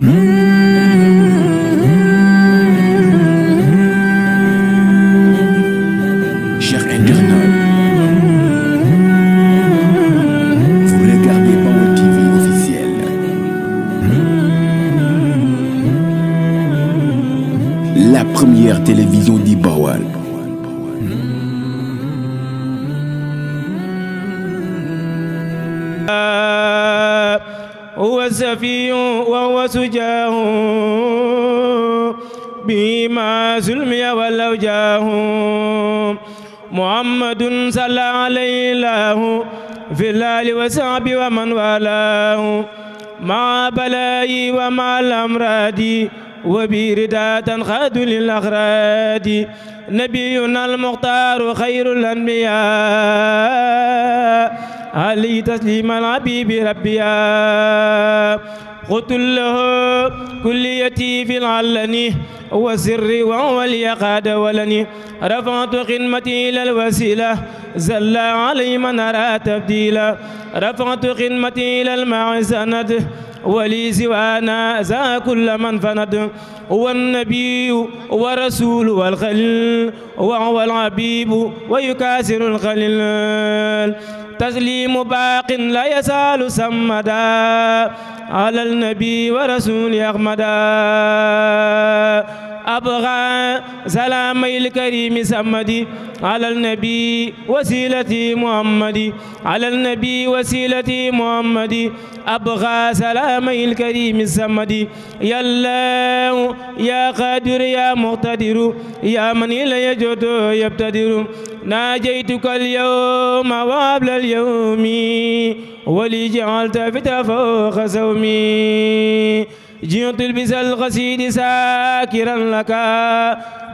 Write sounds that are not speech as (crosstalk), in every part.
Mm-hmm. وردادا خاد للأغراد نبينا المختار خير الأنبياء علي تسليم الحبيب ربيا قتل له كليتي في العلني وسري وهو اليقاد ولني رفعت خدمتي إلى الوسيلة زل علي من أرى تبديلا رفعت خدمتي إلى الماء ند ولي سوانا زا كل من فند هو النبي ورسول والخليل وهو الحبيب ويكاسر الخليل تسليم باق لا يزال سمدا على النبي ورسول أحمدا أبغى سلام الكريم سمدي على النبي وسيلة محمد على النبي وسيلة محمد أبغى سلام الكريم سمدي يا الله يا قادر يا مقتدر يا من لا يجد يبتدر ناجيتك اليوم وابل اليوم ولي جعلت فتى فوق سومي جئت البس الغسيل ساكرا لك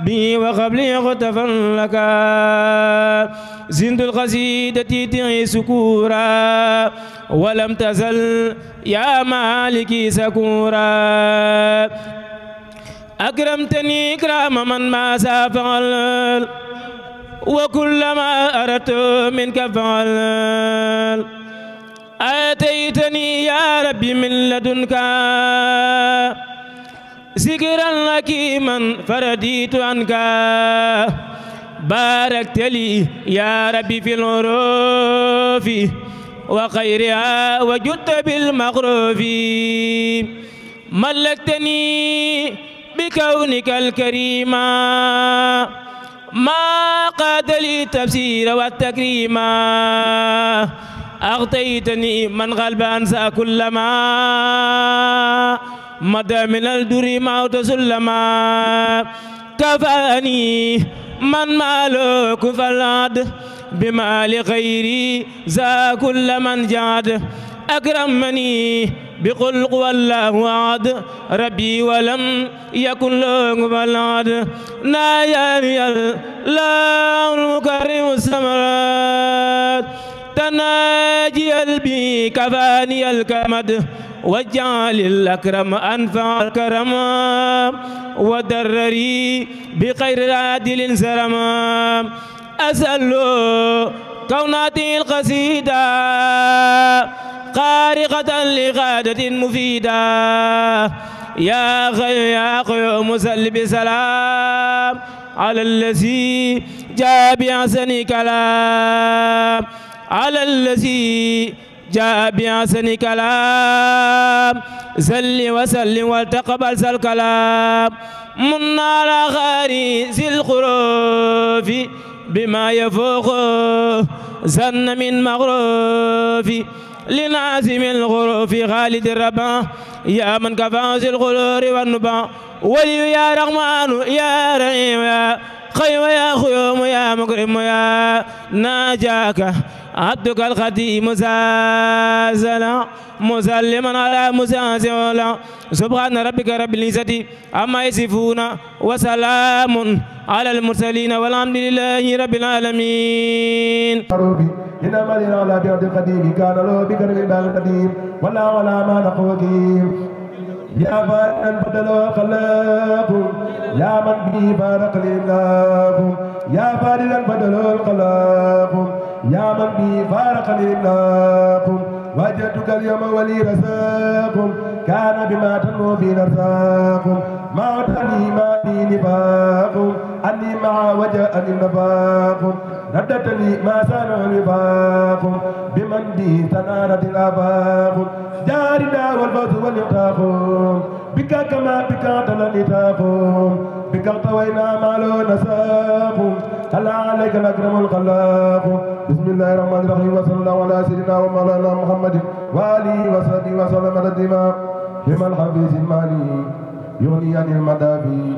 بي وقبلي غتفا لك زند القصيدة تعي سكورا ولم تزل يا مالكي سكورا أكرمتني إكرام من ما سافعل وكلما أردت منك فعل آتيتني يا ربي من لدنك ذكرا حكيما فرديت عنك باركت لي يا ربي في العروف وخيرها وجدت بالمغروف ملكتني بكونك الكريم ما قاد لي التفسير والتكريم أغطيتني من غلب أنسى كلما مدى من الدر ما تسلما كفاني من مالك فلاد بمال غيري زا كل من جاد أكرمني بقلق والله عاد ربي ولم يكن له بلاد نايا لا المكرم السمرات تناجي البي كفاني الكمد وجعل الأكرم أنفع الكرم ودرري بخير عادل سرما أسأل كوناتي القصيدة خارقة لغادة مفيدة يا خير يا خير مسل بسلام على الذي جاء بأحسن كلام على الذي جاء بأحسن كلام زل وسلم وتقبل ذا الكلام من على غارز الخروف بما يفوق زن من مغروف لنعزم الغروف خالد الربا يا من كفاز الغرور والنبا ولي يا رحمن يا رحيم يا خيو يا خيوم يا مكرم يا ناجاك عبدك القديم زازلا مسلما على مزازلا سبحان ربك رب العزة عما يصفون وسلام على المرسلين والحمد لله رب العالمين إنما لنا على بيرد القديم كان له بكر القديم ولا ولا ما نقوكيم يا من بدل خلاكم يا من به بارك لله يا فاردا بدل القلاق يا من بي فارق الإملاق وجدتك اليوم ولي رزاق كان بما تنمو في رزاق ما تني ما بي نفاق أني مع وجاءني النفاق ردتني ما سانع الوفاق بمن به تنارت الآفاق جارنا والبوت واليقاق بك كما بك تنالتاق بك الطوينا ما لو نساب هل عليك الاكرم الخلاق بسم الله الرحمن الرحيم وصلى الله على سيدنا ومولانا محمد والي وصحبه وسلم الدماء لما الحفيظ المالي يغني عن المدافي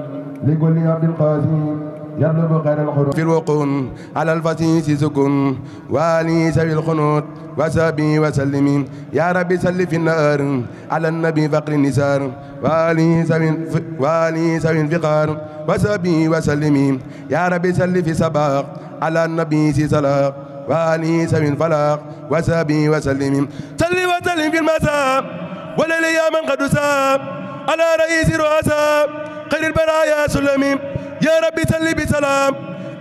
لكل عبد القاسم يطلب غير الخروج في الوقون على الفتيس سكون والي سبي الخنود وسبي وسلم يا ربي سل في النار على النبي فقر النسار والي سبي والي سبي الفقار وسبي وسلم يا ربي سل في سباق على النبي سي سلاق والي سبي الفلاق وسبي وسلم سل وسلم في المساء وللي من قد ساب على رئيس رؤساء خير البرايا سلمين يا ربي سلي بسلام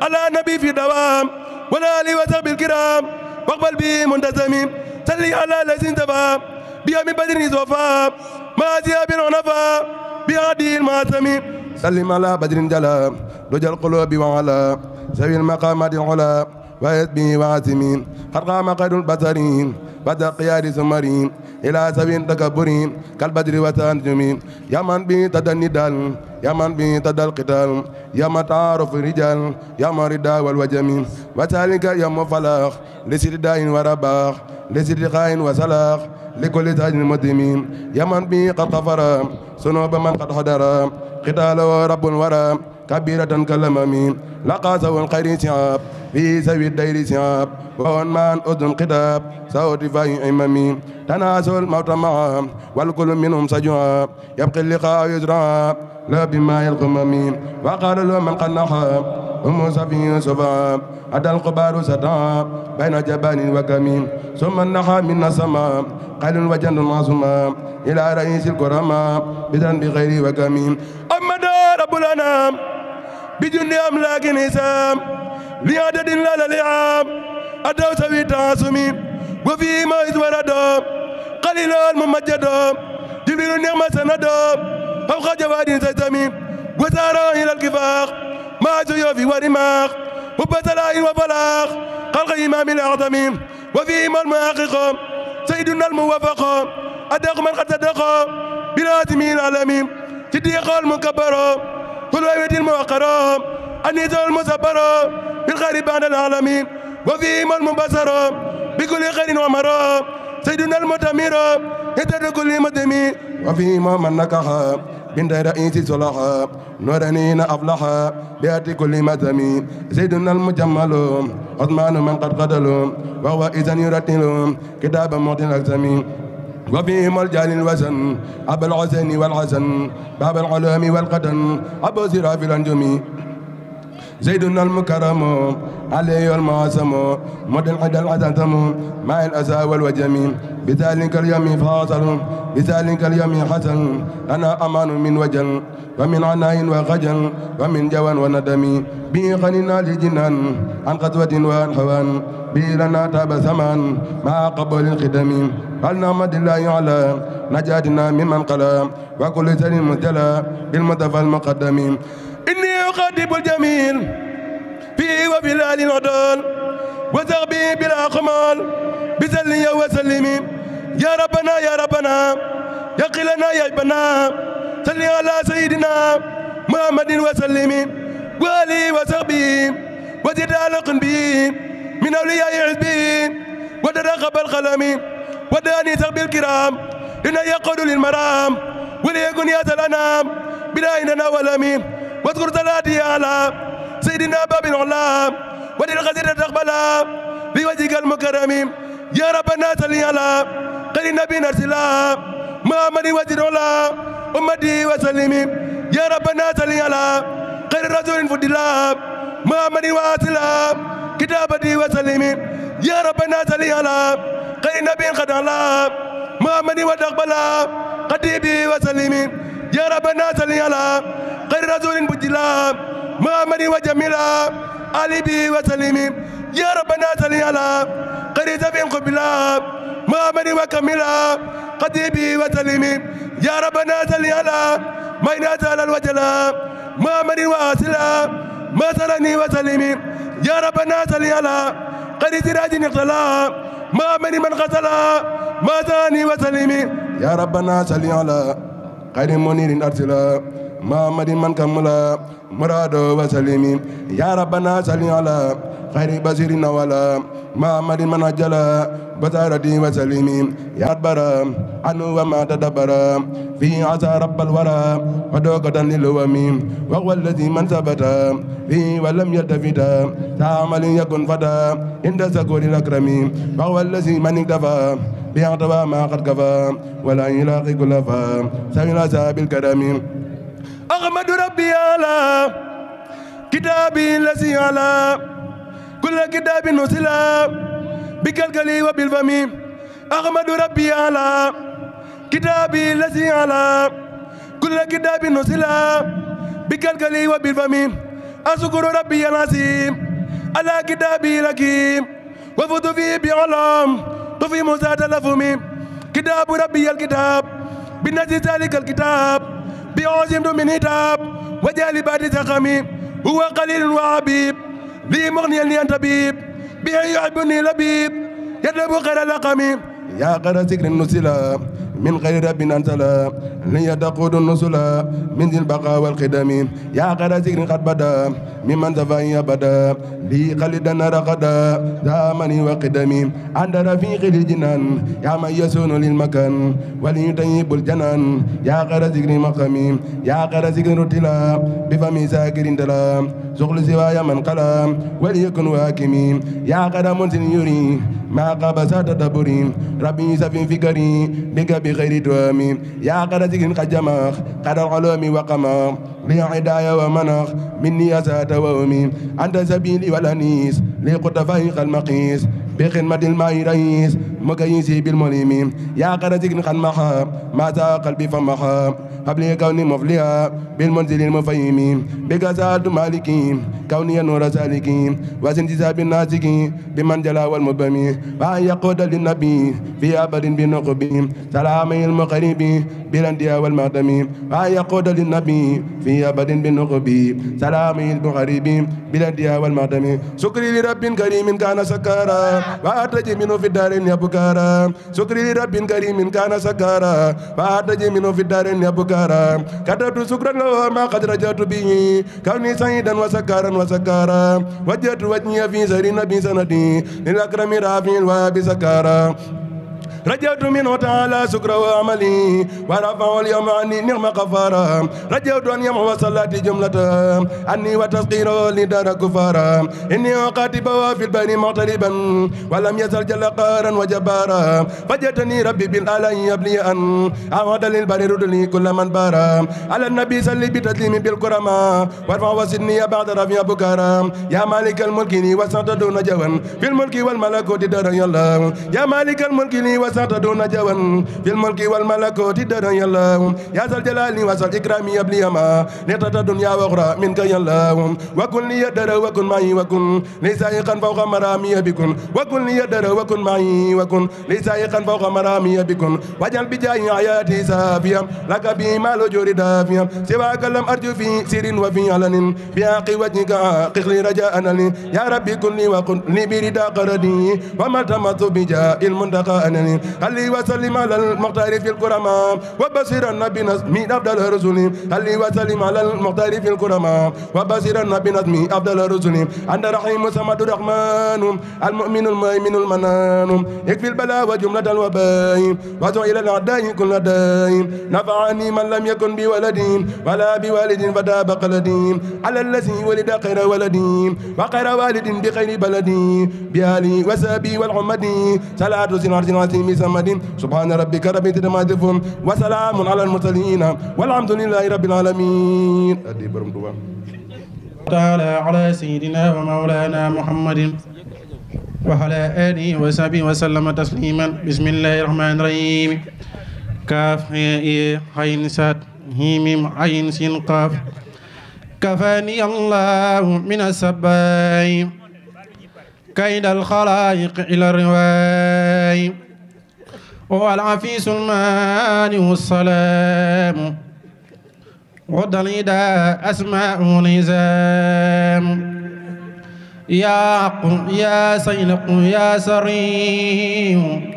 على النبي في دوام ولا لي وسب الكرام واقبل به منتزم سلي على الذين تبا بيا من بدر زوفا ما زي بن عنفا بهذه الماتم سلم على بدر جلا رجل القلوب وعلى سبيل المقامات العلا ويتبي بي قد قام قيد البترين بدا قيار سمرين إلى سبين تكبرين كالبدر وتنجمين من بي تدى الندال من بي تدى القتال من تعرف الرجال من رداء والوجمين وذلك يوم فلاح لسرداء ورباح لسرقاء وسلاخ لكل تاج المدمين من بي قد غفر سنوب من قد حضر قتال ورب ورام كبيرة كالأمم لقى سوى الخير سياب في سوي الدير سياب وان من أذن قداب صوت فاي إمامي تناسوا الموت معهم والكل منهم سجواب يبقي اللقاء يزرع لا بما يلقمم وقال له من قد هم أم صفي يوسف أدى القبار سدى بين جبان وكمين ثم النحى من السماء قال وجن معصوما إلى رئيس الكرماء بذنب غير وكمين أمد رب الأنام بجند أملاك نسام لعدد لا لعام أدو سوي تاسمي وفي ما إزورد قليل الممجد جبريل نعم سند فوق جواد سيسامي وسار إلى الكفاق ما سيوفي ورماخ وبسلاء وفلاق خلق إمام الأعظم وفيهما المحقق سيدنا الموفق أدق من قد بلا بلازم العالمين صديق المكبر كل ويدين موقرا النزال المزبر بالغريب عن العالمين وفيهم المبصرة بكل خير ومرا سيدنا المتمير يدر كل مدمي وفيهم من نكح بنت رئيس صلاح نورانينا أفلح بيات كل مدمي سيدنا المجمل عثمان من قد قدل وهو إذا يرتل كتاب موطن الأكزمين وفي مرجان الوزن أبو العزن والعزن باب العلوم والقدن أبو سراف الأنجمي زيدنا المكرم علي المعصم مد العدى العتم مع الأسى والوجمين بذلك اليوم فاصل بذلك اليوم حسن أنا أمان من وجل ومن عناء وخجل ومن جوى وندم به خلنا لجنان عن قسوة وانحوان به لنا تاب ثمان مع قبول الخدم فلنعمد الله على نجاتنا ممن قلى وكل سليم تلا بالمتفى المقدم يخاطب الجميل في وفي الآل العدال وزغبه بلا خمال بسلي وسلم يا ربنا يا ربنا يا قلنا يا ابنا صل على سيدنا محمد وسلم والي وصحبه وزد على به من أولياء حزبه ودرخب القلم وداني صحب الكرام إن يقول للمرام وليكن يا سلام بلا إننا ولا مين واذكر صلاتي على سيدنا باب العلا الغزير تقبلا بوجهك المكرم يا ربنا صل على قل نبي نرسلا محمد وزير علا أمتي وسلم يا ربنا صل على خير رسول فضلا محمد واسلا كتابتي وسلم يا ربنا صل على قل نبي قد علا محمد وتقبلا قديبي وسلم يا رب نازل يلا غير رجل بجلا مامري وجميلا علي بي وسلم يا رب نازل يلا غير زفين قبلا مامري وكملا قديبي وسلم يا رب نازل يلا ما نازل الوجلا مامري واسلا ما سرني وسلم يا رب نازل يلا غير سراج نقتلا مامري من غسلا ما تاني وسلم يا ربنا صل على خير منير أرسلا محمد من كملا مراد وسليم يا ربنا صل على خير بصير ولا محمد من أجل بصارتي وسليم يا أكبر أنو وما تدبر في عسى رب الورى ودوكة للوم وهو الذي من ثبت في ولم يلتفت تعمل يكن فتى عند سكون الأكرم وهو الذي من اكتفى بأعتبى ما قد كفى ولا يلاقي كل فى سبيل بالكرم أغمد ربي على كتابي الذي على كل كتاب نزلا بالكلكل وبالفم أغمد ربي على كتابي الذي على كل كتاب نزلا بالكلكل وبالفم أشكر ربي العظيم على كتابي الحكيم وفوت فيه بعلم طفي موسى تلفمي كتاب ربي الكتاب بنزل ذلك الكتاب بعزم من هتاب وجال بعد تقامي هو قليل وعبيب لي مغني لي طبيب به يعبني لبيب يدب غير لقم يا غير ذكر النسلا من غير رب أنزلا لن يتقود النزل من ذي البقاء والقدم يا غير ذكر قد بدا ممن تفاي بدا لي خلدنا رقدا زامني وقدمي عند رفيق الجنان يا من يسون للمكان وليطيب الجنان يا غير ذكر مقامي يا غير ذكر رتلا بفمي ساكر دلا زغل زوايا من قلم وليكن واكمين يا قدم يري ما قبس تدبرين ربي سفين في فكري بك بخير دوامي يا قد زكين قجمخ قد العلوم وقمخ لي عدايا ومنخ مني يا سات وأمين أنت سبيلي والأنيس لي قطفائق المقيس بخدمة الماء رئيس مكيسي بالمليمين يا قد زكين خدمها ما قلبي فمها قبل كون مفلحا بالمنزل المفيم بغزاد مالكي كوني نور وزن وسنجزاب الناسكين بمن جلا والمبهم وأن يقود للنبي في أبد بنقب سلام المقرب بالأندية والمقدم وأن يقود للنبي في أبد بنقب سلام المقرب بالأندية والمقدم شكري لرب كريم كان سكارا وأتج منه في الدار يا بكارا شكري لرب كريم كان سكارا وأتج منه في الدار يا بكارا سكارا كتبت سكرا وما قد رجعت به كوني سعيدا وسكارا وسكارا وجهت وجهي في سر النبي سندي للأكرم رافع الوهاب سكارا Rajaudu min wa ta'ala wa amali Wa rafa wal yam anni ni'ma kafara Rajaudu an yamu wa salati Inni wa fil bani ma'taliban Wa yasar jalla qaran Fajatani rabbi bil alai yabli an Awada lil nabi salli bi tazlimi bil kurama ya, ya malik al mulkini wa santa Fil mulki wal malakuti Ya, ya malik al mulkini wa وسط دون جوان في الملك والملكوت دار يلا يا ذا الجلال والإكرام يا ابن يما نتت الدنيا وأخرى منك يلا وكن لي يدر وكن معي وكن ليس يقن فوق مرامي بكن وكن لي يدر وكن معي وكن ليس يقن فوق مرامي بكن وجل بجاي آياتي سافيا لك بما لجور دافيا سواك لم أرجو في سر وفي علن بحق وجهك قخل رجاءنا لي يا ربي كن لي وكن لي بردا قردي وما تمت بجا المنتقى أنني هل وسلم على المختار في الكرماء النبي نظم أفضل الرسل هل وسلم على المختار في الكرماء النبي نظم أفضل الرسل أنت رحيم سمد الرحمن المؤمن المؤمن المنان يكفي البلاء وجملة الوباء وزو إلى الأعداء كل داء نفعني من لم يكن بولد ولا بوالد فتاب قلدي على الذي ولد خير ولدي وخير والد بخير بلدي بأهلي وسابي والعمدي صلاة سنار سنار سمد سبحان ربك رب ما دفن وسلام على المرسلين والحمد لله رب العالمين تعالى على سيدنا ومولانا محمد وعلى آله وصحبه وسلم تسليما بسم الله الرحمن الرحيم كاف عين سات هيم عين سين قاف كفاني الله من السباي كيد الخلائق إلى الرواي والعفيس المان والسلام السلام أسماء نزام يا حق يا سينق يا سريم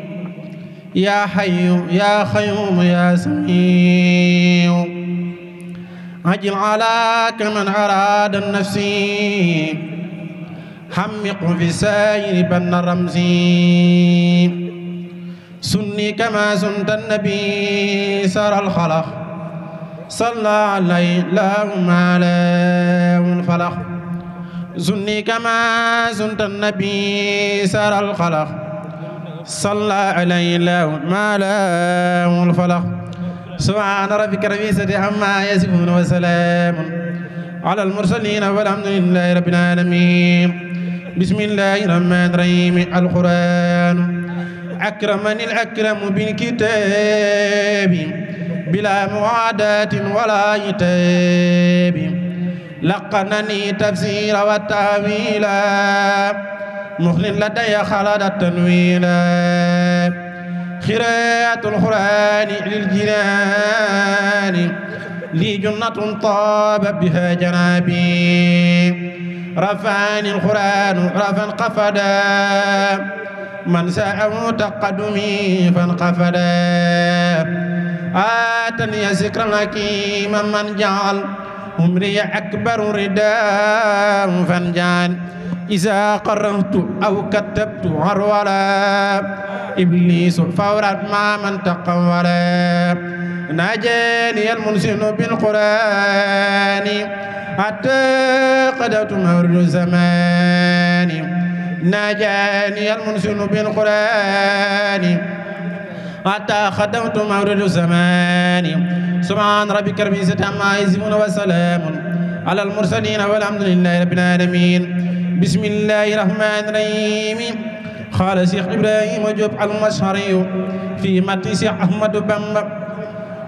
يا حي يا خيوم يا سميع عجل على كمن أراد النفس حمق في سائر بن رمزي سني كما سنت النبي سر الخلق صلى عليه اللهم على الفلق سني كما سنت النبي سر الخلق صلى عليه اللهم على الفلق سبحان ربك ربي سدي عما يسفون وسلام على المرسلين والحمد لله رب العالمين بسم الله الرحمن الرحيم القرآن أكرمني الأكرم بالكتاب بلا معاداة ولا عتاب لقنني تفسير وتأويلا مخل لدي خلد التنويلا خيرات القرآن للجنان لي جنة طاب بها جنابي رفعني القرآن رفا قفدا من ساءه تقدمي فانقفدا آتني ذكرا حكيما من جعل عمري أكبر رداء فانجان إذا قررت أو كتبت عرولا إبليس فورا ما من تقولا ناجاني المنسن بالقرآن حتى قدرت مورد زماني ناجاني المنسل بالقرآن حتى خدمت مورد الزمان سبحان ربك رب العزة عما يصفون وسلام على المرسلين والحمد لله رب العالمين بسم الله الرحمن الرحيم قال شيخ إبراهيم وجب المشهري في متس أحمد بامبا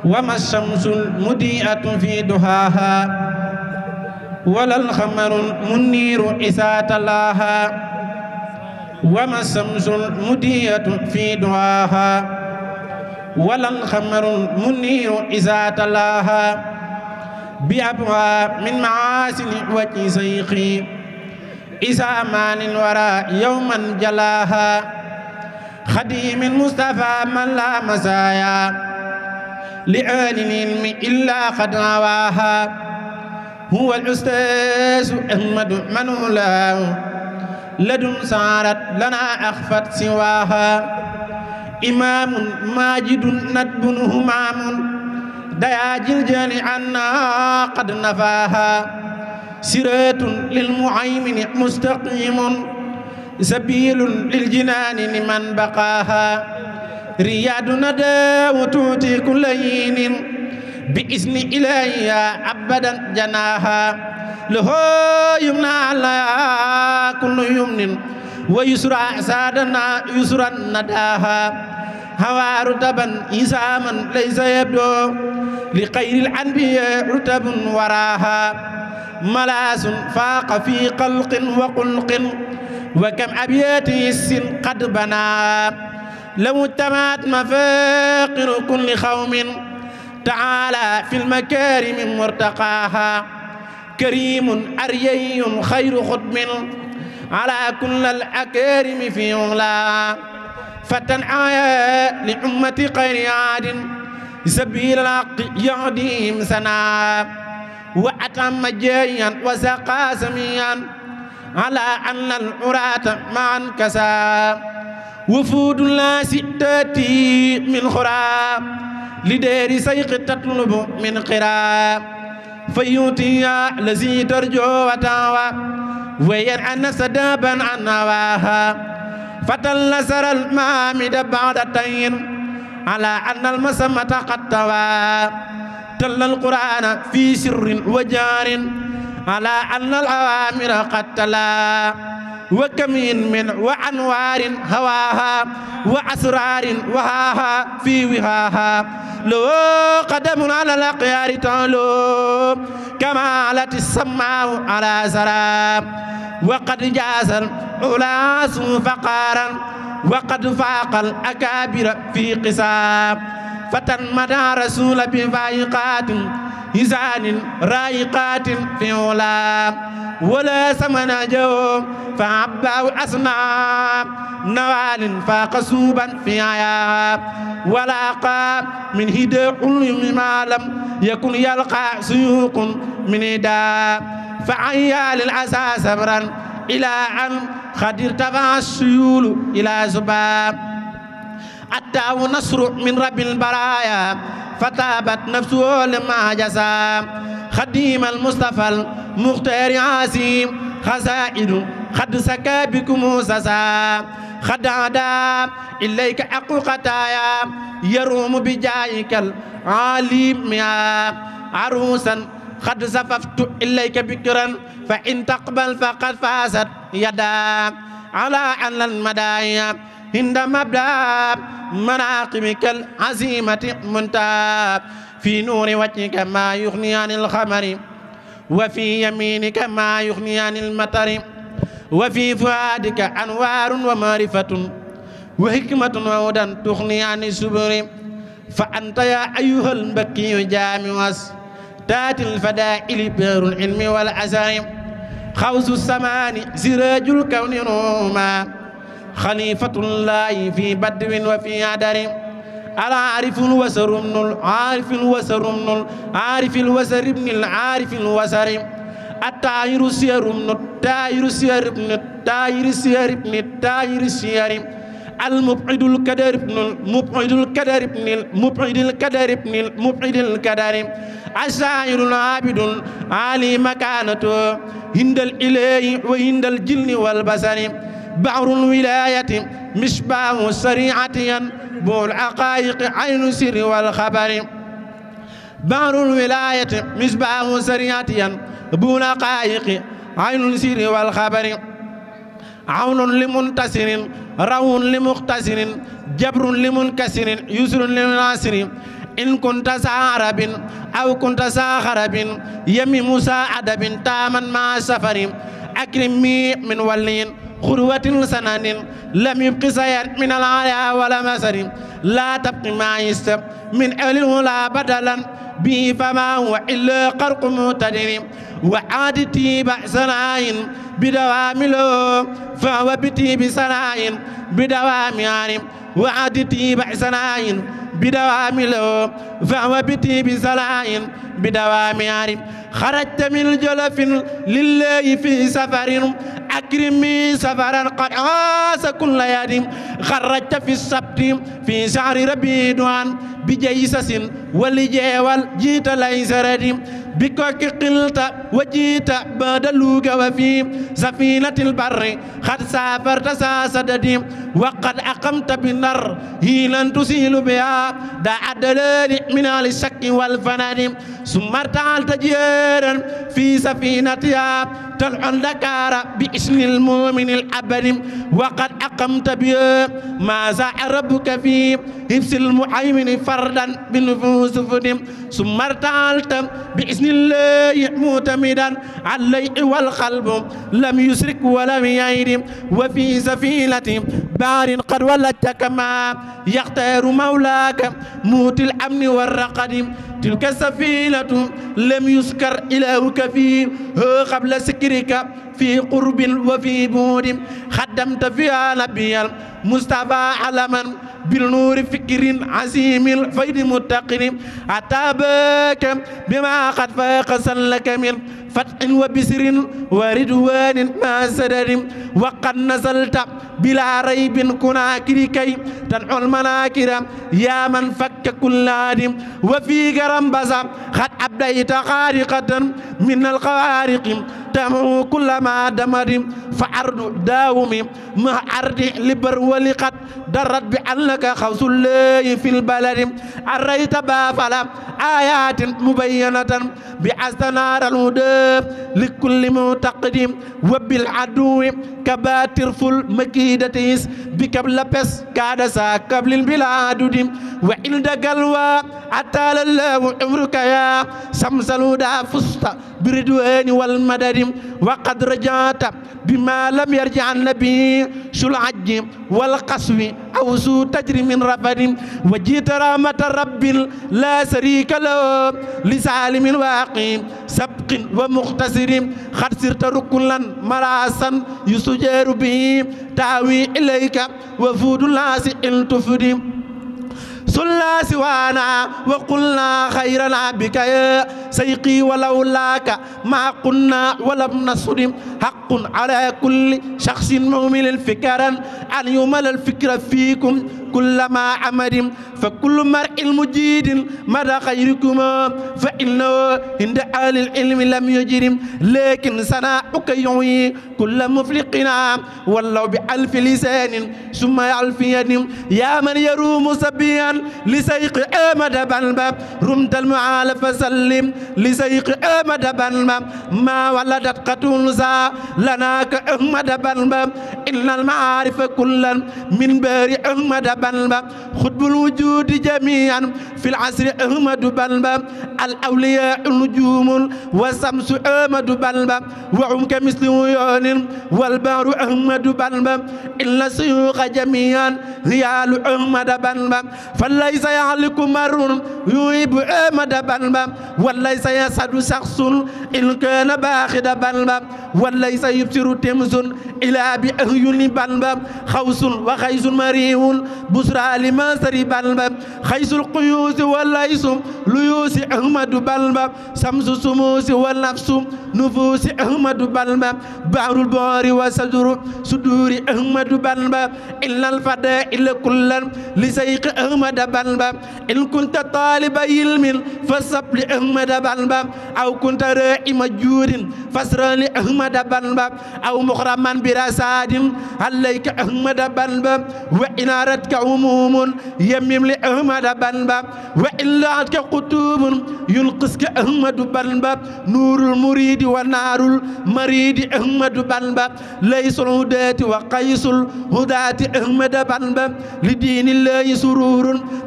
وما الشمس المضيئة في دهاها ولا الخمر المنير إسات الله وما الشمس المدية في دعاها ولا الخمر المنير إذا تلاها بأبغى من معاسن وجه شيخي إذا مال الورى يوما جلاها خديم المصطفى من لا مزايا لآل العلم إلا قد نواها هو الأستاذ أحمد من هلاه لدن سارت لنا أخفت سواها إمام ماجد ندب همام ديا جلجل عنا قد نفاها سيرات للمعيمن مستقيم سبيل للجنان لمن بقاها رياد ندى وتؤتي كل بإذن إلهي أبدا جناها لهو يمنا على كل يمن ويسرى سادنا يسرع نداها هوا رتبا إساما ليس يبدو لخير الأنبياء رتب وراها ملاس فاق في قلق وقلق وكم أبيات السن قد بنا لو تمات مفاقر كل قوم تعالى في المكارم مرتقاها كريم أريي خير خدم على كل الأكارم في علا فتنعيا لأمة قير عاد سبيل الحق يهديهم سنا وأتم جايا وسقى سميا على أن العراة معا كسا وفود لا تأتي من خرا لدير سيق تطلب من قراب فيوتيا لزي ترجو وتاوى وينعن سدابا عن فتل سر المامد بعد التين على أن المسمة قد توا تل القرآن في سر وجار على أن الأوامر قد تلا وكمين من وأنوار هواها وأسرار وهاها في وهاها لو قدم على الأقيار تعلوم كما علت السماء على سراب وقد جاز العلاس فقارا وقد فاق الأكابر في قساب فتنمدى رسول بفايقات هزان رايقات في علام ولا سمنا جو فعبوا أسماء نوال فاق سوبا في عياب ولا قاب من هدى حلم ما لم يكن يلقى سيوق من هدى فعيا للعسى سبرا إلى أن قد ارتفع السيول إلى سباب أتاه نصر من رب البرايا فتابت نفسه لما جسام خديم المصطفى المختار عاصم خزائن خد سكا بكم سسا خد عدا إليك أقو قتايا يروم بجايك العليم يا عروسا قد زففت إليك بكرا فإن تقبل فقد فازت يدا على أن المدايا عند مبدأ مناقبك العزيمة منتاب في نور وجهك ما يغني عن الخمر وفي يمينك ما يغني عن المطر وفي فؤادك أنوار ومعرفة وحكمة وهدى تغني عن السبر فأنت يا أيها البكي جامع تات الفدائل بير العلم والأزار خوز السمان سراج الكون روما خليفة الله في بدو وفي عدر على عارف الوسر من العارف الوسر من العارف الوسر ابن العارف الوسر التاير سير من التاير سير ابن التاير سير ابن التاير سير المبعد الكدر ابن المبعد الكدر ابن المبعد الكدر ابن المبعد الكدر السائر العابد العالي مكانته هند الإله وهند الجن والبصر بعر الولاية مشباه السريعة ينبوع العقائق عين السر والخبر بعر الولاية مشباه السريعة ينبوع العقائق عين السر والخبر عون لمنتصر رو لمقتصر جبر لمنكسر يسر لمناصر إن كنت عرب أو كنت ساخرب يمي مساعد تاما مع سفر أكرمي من ولين خروة سنانين لم يبق سيارت من العلا ولا مسر لا تبقي ما يستب من أهل ولا بدلا به فما هو إلا قرق متدر وعادتي بأسنائن بدوام له فهو بتي بسنائن بدوام عالم وعادتي بأسنائن بدوام له فأوبتي بسلاء بدوام عارم خرجت من الجلف لله في سفر أكرمي سفرا قد عاس كل يد خرجت في السبت في شعر ربي دوان بجيسس ولجيوال جيت ليس ردم بكوك قلت وجيت بدلوك وفي سفينة البر خد سافرت ساسدديم وقد أقمت بالنار هي لن تسهل بها دع الدلال من الشك والفنان ثم ارتعلت جيرا في سفينتها تلعن دكار باسم المؤمن الأبد وقد أقمت بها ما زع ربك في هبس المحيمن فردا بنفوس فدم ثم ارتعلت باسم الله معتمدا عليه والقلب لم يسرك ولم يعيد وفي سفينة بار قد ولدتك ما يختار مولاك موت الأمن والرقد تلك السفينة لم يسكر إلهك فيه قبل سكرك في قرب وفي بود خدمت فيها نبي المصطفى علما بالنور فكر عزيم الفيد متقن أتابك بما قد فاق سلك من فتح وبسر وردوان ما سدر وقد نزلت بلا ريب كناكر كي تنحو المناكر يا من فك كل هادم وفي قرم بزا قد أبديت خارقة من الخوارق تمو كل ما دمر فعرض داوم ما عرض لبر ولقد درت بأنك خوص الله في البلد عريت بافلا آيات مبينة بأسنار الهدى لكل متقدم وبالعدو كباتر فل مكيدتيس بكبل بس كادسا قبل البلاد وعند قلوى أتال الله عمرك يا سمسلو دا فستا بالردوان والمدد وقد رجعت بما لم يرجع النبي شو العج والقصف أو سو تجري من رفد وجيت رامة رب لا سريك كلام لسالم الواقيم سبق ومختصر قد ركلا مراسا يسجر به تاوي إليك وفود الناس إن تفدم سلا سوانا وقلنا خيرنا بك يا سيقي ولولاك ما قلنا ولم نصرم حق على كل شخص مؤمن فكرا أن يمل الفكر فيكم كل ما عمر فكل مرء مجيد مدى خيركما فإنه عند أهل العلم لم يجرم لكن سناؤك يعوي كل مفلقنا ولو بألف لسان ثم ألف يد يا من يروم سبيا لسيق آمد بنباب رمت المعال فسلم لسيق آمد بنباب ما ولدت قتونسا لنا كأمد بنباب إلا المعارف كلا من بار أمد بنباب بلبا خطب الوجود جميعا في العصر أحمد بلبا الأولياء النجوم وسمس أحمد بلبا وعمك مثل عيون والبار أحمد بلبا إلا سيوخ جميعا ريال أحمد بلبا فليس يهلك مر يهيب أحمد بلبا وليس يسعد شخص إن كان باخد بلبا وليس يبصر تمز إلا بأعين بلبا خوس وخيس مريون بسرى سري بلبب خيس القيوس والليس ليوس أحمد بلبب سمس سموس والنفس نفوس أحمد بلبب بحر البار وسجر صدور أحمد بلبب إلا الفداء إلا كلا لسيق أحمد بلبب إن كنت طالب علم فسب لأحمد بلبب أو كنت رائع مجور فسرى لأحمد بلبب أو مخرما برساد عليك أحمد بلبب وإنارتك عموم يمم لأحمد بنبا وإلا كقطوب يلقسك أحمد بنبا نور المريد ونار المريد أحمد بنبا ليس الهداة وقيس الهداة أحمد بنبا لدين الله سرور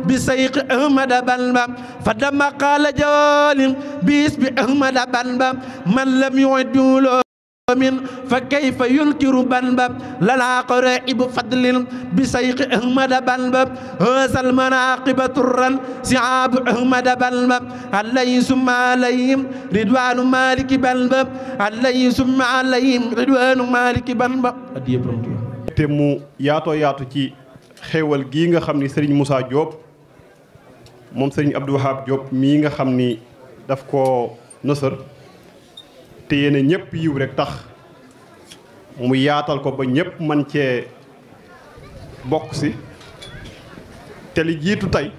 بسيق أحمد بنبا فدما قال جوال باسم أحمد بنبا من لم يعدوا فكيف ينكر بنبا لنا قرائب فضل بسيق أحمد بنبا هذا المناقب ترا سعاب أحمد بنبا علي ثم عليهم رضوان مالك بنبا علي ثم عليهم رضوان مالك بنبا te mu yaatoo yaatu ci xéewal gii nga xam ni Serigne Moussa Diop moom Serigne Abdou Wahab Diop mii te yéene ñëpp yiw rek tax mu yaatal ko ba ñépp man cee bokk si te li jiitu tey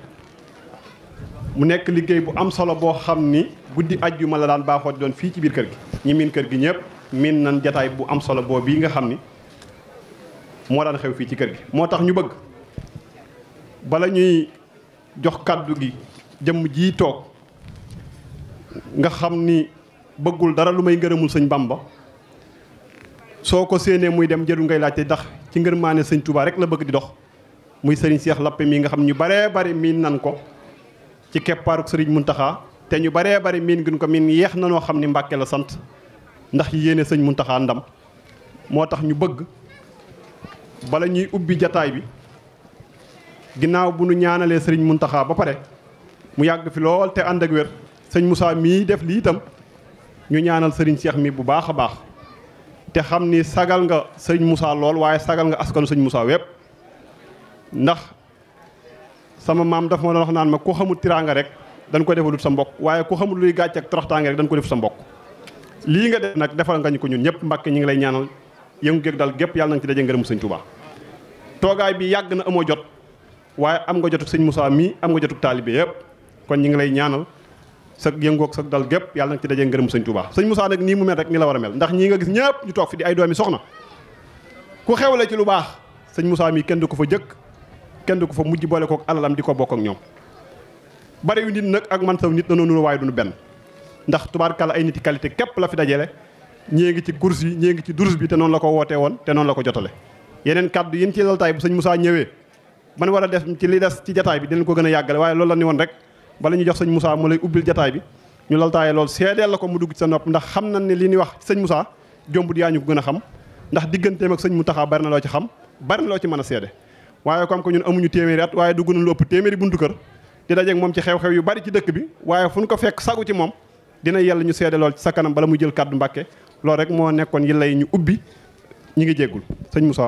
mu nekk liggéey bu am solo boo xam ni guddi ajjuma la daan baaxoo doon fii ci biir kër gi ñi miin kër gi ñëpp miin nañ jataay bu am solo boo bii nga xam ni moo daan xew fii ci kër gi moo tax ñu bëgg bala ñuy jox kàddu gi jëmm ji toog nga xam ni bëggul dara lu may ngërëmul sëñ Bamba soo ko séenee muy dem jëru ngay laajte ndax ci ngërmaane sëñ Touba rek la bëgg di dox muy sëriñ seex Lappé mii nga xam ñu baree bari miin nan ko ci keppaaruk sëriñ Muntaxa te ñu baree bari miin gën ko miin yeex na noo xam ni Mbàkke la sant ndax yéene sëñ Muntaxa ndam moo tax ñu bëgg bala ñuy ubbi jataay bi ginnaaw bu nu ñaanalee sëriñ Muntaxa ba pare mu yàgg fi lool te ànd ak wér sëñ Moussa mii def lii itam ñu ñaanal sëriñ Cheikh mi bu baaxa baax te xamni sagal nga sëriñ Moussa lool waye sagal nga askanu sëriñ Moussa wépp ndax sama mam daf ma wax naan ma ko xamul tiranga rek dañ ko defalut sa mbokk waye ko xamul luy gatch ak toroxtaange rek dañ ko def sa mbokk li nga def nak defal nga ñu ko ñun ñëpp mbakk ñi ngi lay ñaanal yëngu géeg dal gépp yalla nang nga ci daje ngeerum sëñ Touba togaay bi yag na amo jot waye am nga jotuk sëñ Moussa mi am nga jotuk talibé yëpp kon ñi ngi lay ñaanal sa yëngoog sak dal gep yalla nag ci dajé ngeureum seigne touba seigne Moussa nag ni mu mel rek ni la wara mel ndax ñi nga gis ñepp ñu tok fi di ay doomi soxna ku xewle ci lu bax seigne Moussa mi kenn du ko fa jëkk kenn du ko fa mujj ko ak alalam di bok ak ñom bari yu nit nak ak man saw nit na nonu way duñu ben ndax tubaarkàlla ay nit yi qualité kep la fi dajélé ñi nga ci course yi ñi nga ci durus bi té non la ko woté won té non la ko jotalé yenen kaddu yeen ci laltaay bu seigne Moussa ñëwé man wara def ci li dess ci jotaay bi dinañ ko gëna a waye loolu la ni won rek bala ñu jox señ Moussa mu lay ubbil jotaay bi ñu laltaaye loolu seedeel la ko mu dugg ci sa nopp ndax xam nañ ne li ni wax señ Moussa jombut yaa ñu xam ndax digganteem ak señ Mountakha bari na lo ci xam bari na loo ci mëna sédé waye waaye comme que ñun amuñu téméré at waye dugg na lopp téméré buntu kër di dajeeg mom ci xew-xew yu bari ci dëkk bi waye fuñ ko fekk sagu ci mom dina yalla ñu sédé lool ci sa kanam bala mu jël kaddu mbacké lool rek mo nekkon yi lay ñu ubbi ñi ngi jéggul musa Moussa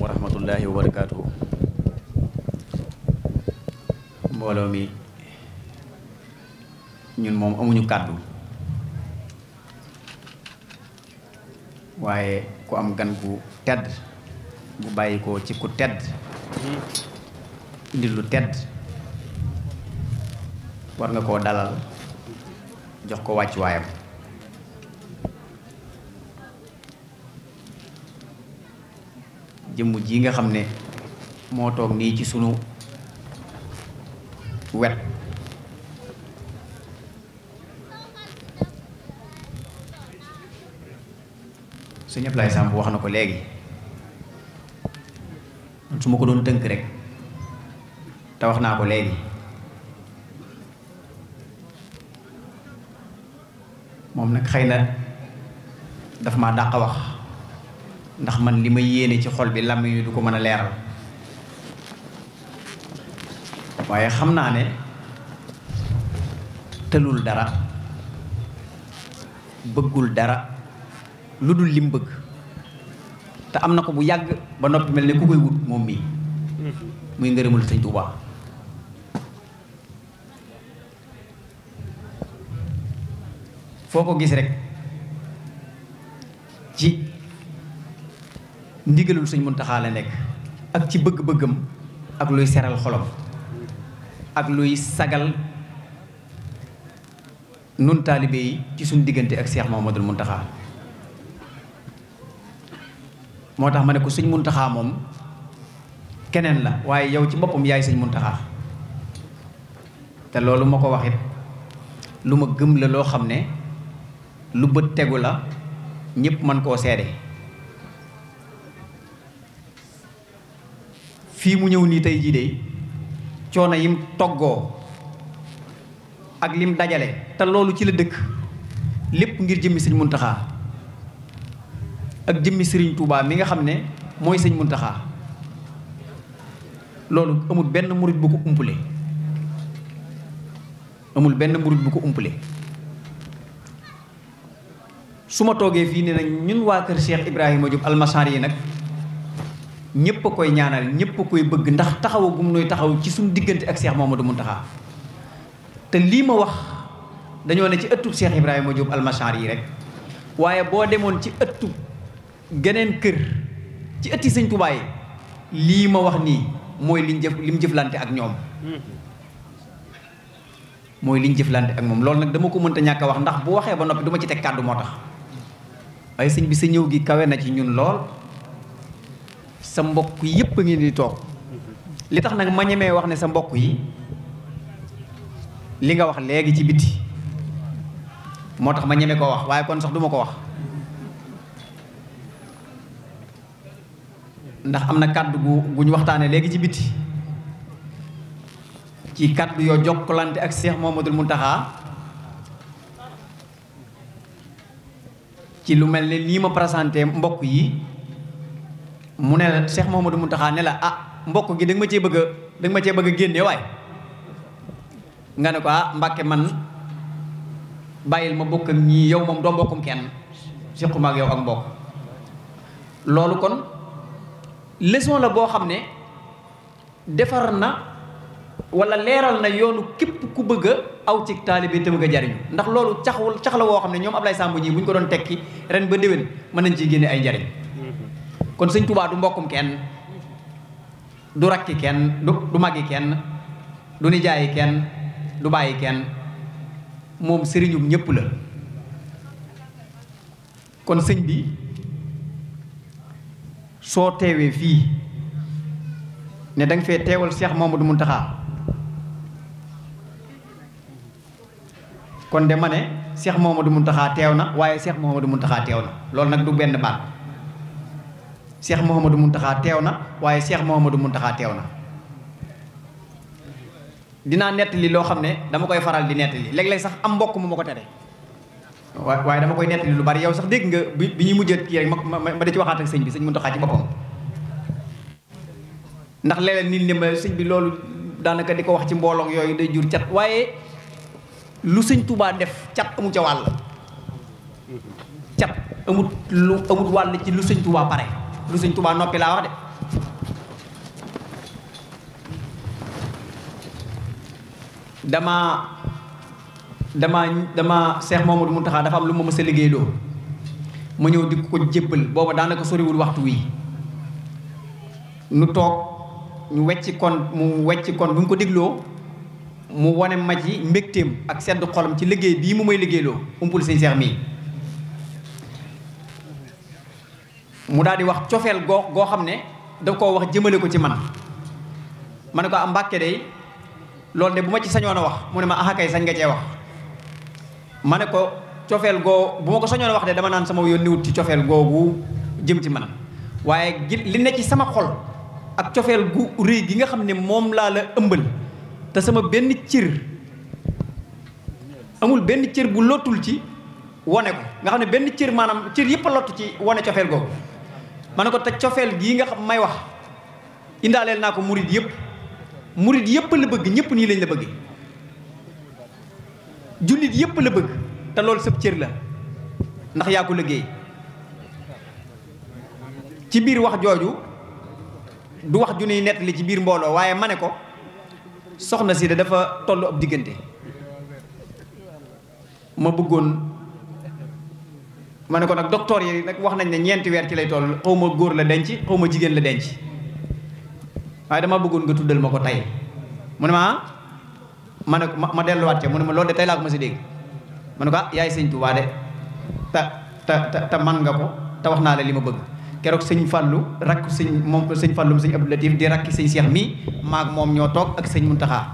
wa rahmatullahi wa mbooloo mi ñun moom amuñu kàddu waaye ku am gan gu tedd bu bàyyi ko ci ku tedd indi lu tedd war nga koo dalal jox ko wàccuwaayam jëmm ji nga xam ne moo toog nii ci sunu wet su ñëpp lay sàmp wax na ko léegi man su ma ko doon tënk rek te wax naa ko léegi moom nag xëy na dafa ma dàq wax ndax man li ma yéene ci xol bi làmm yi du ko mën a leeral waaye xam naa ne tëlul dara bëggul dara lu dul lim bëgg te am na ko bu yàgg ba noppi mel ni ku koy wut moom mii muy ngërëmul sëñ Tuubaa foo ko gis rek ci ndigalul sëñ Muntaxa la nekk ak ci bëgg-bëggam ak luy seral xolom ak luy sagal nun taalibe yi ci suñ diggante ak Cheikh mun Mountakha moo tax ma ne ko sëñ Mountakha moom keneen la waaye yow ci boppam yaay suñ mun Mountakha te loolu ma ko waxit lu ma gëm la loo xam ne lu bët tegu la ñépp mën koo seede fii mu ñëw nii tey jii de coono yim toggoo ak lim dajale te loolu ci la dëkk lépp ngir jëmmi sëñ Muntaxa ak jëmmi sëriñ Touba mi nga xam ne mooy sëñ Muntaxa loolu amul benn murit bu ko umpule amul benn murit bu ko umpule su ma toogee fii ne nag ñun waa kër Cheikh Ibrahima Diop almasar yi nag ñepp koy ñaanal ñepp koy bëgg ndax taxawu gum nuy taxaw ci suñu digënté ak Cheikh Mamadou Muntaha té li ma wax dañu né ci ëttu Cheikh Ibrahima Diop Al Mashari rek waye bo démon ci ëttu geneen kër ci ëtti Seigne Touba yi li ma wax ni moy liñ jëf lim jëflanté ak ñom moy liñ jëflanté ak mom lool nak dama ko mënta ñaka wax ndax bu waxé ba nopi duma ci tek kaddu motax ay bi sa ñew gi kawe na ci ñun lool sa mbokk yépp ngi ni tok li tax nak ma ñemee wax né sa mbokk yi li nga wax légui ci biti motax ma wax waye kon sax duma ko wax ndax am kaddu gu guñ ñu légui ci biti ci kaddu yo jokkalante ak Cheikh Mouhamadoul muntaha ci lu mel ni ma présenté mbokk yi mu ne la Cheikh Mouhamadou Mountakha ne la ah mbokk gi da ma cee bëgg a da ma cee bëgg génne waay nga ne ko ah Mbàkke man bàyyil ma bokk ak ñii yow moom doo mbokkum kenn siquma ak yow ak mbokk loolu kon leçon la boo xam ne defar na wala leeral na yoonu képp ku bëgg a aw ci taalibe te bëgg a jariñu ndax loolu caxul cax la woo xam ne ñoom Ablaye Samb ñii bu ñu ko doon tekki ren ba déwén mën nañ ciy génne ay njariñ kon sëñ Touba du mbokkum kenn du rakki kenn du du magi kenn du nijaayi kenn du bàyyi kenn moom sëriñum ñépp la kon sëñ bi soo teewee fii ne danga fee teewal moom du Mamadou taxaa kon de ma moom du mun taxaa teew na waaye Cheikh Mamadou taxaa teew na loolu nag du benn baat Cheikh Mouhamadou Mountakha tewna na Cheikh Mouhamadou Mountakha tewna na netti lo xamne dama koy faral di netti lilo. leg sax am mbokk mu ma tere waye dama koy netti lu bari yow sax deg nga biñu mujjé ki rek ma da ci waxat ak seigne bi seigne Mountakha ci bopam ndax lele nit ni ma seigne bi lolou danaka diko wax ci yoy day jur waye lu seigne Touba def Chat amu ci wal cat amut lu amut ci lu seigne Touba pare lu sëñ Tuubaa noppi laa wax de dama dama dama Cheikh mu Mountakha dafa am lu ma mës a liggéey loo ma ñëw di ko jébbal booba daanaka soriwul waxtu wii nu toog ñu wecci kon mu wecci kon bu ñu ko dégloo mu wane ma yi mbégteem ak sedd xolam ci liggéey bii mu may liggéeyloo umpul sëñ Cheikh mii mu daal di wax cofeel goo goo xam ne da koo wax jëmale ko ci man ma ne ko am ah, mbàkke day loolu de bu ma ci sañoon a wax mu ne ma aha kay sañ nga cee wax ma ne ko cofeel goo bu ma ko sañoon a wax de dama naan sama yónniwut ci cofeel googu jëm ci man waaye li ne ci sama xol ak cofeel gu gi nga xam ne moom laa la ëmbal te sama benn cër amul benn cër bu lottul ci wone ko nga xam ne benn cër maanaam cër yëpp a ci wone cofeel googu ma ko te cofeel gii nga xam may wax indaaleel naa ko murit yépp murit yépp la bëgg ñëpp nii lañ la bëgg jullit yëpp la bëgg te loolu sëb cër la ndax yaa ko liggéey ci biir wax jooju du wax ju nuy nettali ci biir mbooloo waaye ma ne ko soxna si de dafa tollu ab diggante ma bëggoon ma ne ko nag docteur yi nag wax nañ ne ñeenti weer ci lay toll xaw ma góor la denc xaw ma jigéen la denc waaye dama bëggoon nga tuddal ma ko tey mu ne ma ah ma ne ma delluwaat ca mu ne ma loolu de ma si dégg ne ko ah sëñ Tuubaa de man nga ko te wax naa la li ma bëgg keroog sëñ Fallou rakk moom sëñ Fallou sëñ Abdou Latif di rakk sëñ Cheikh mi maag moom ñoo toog ak sëñ Muntaxa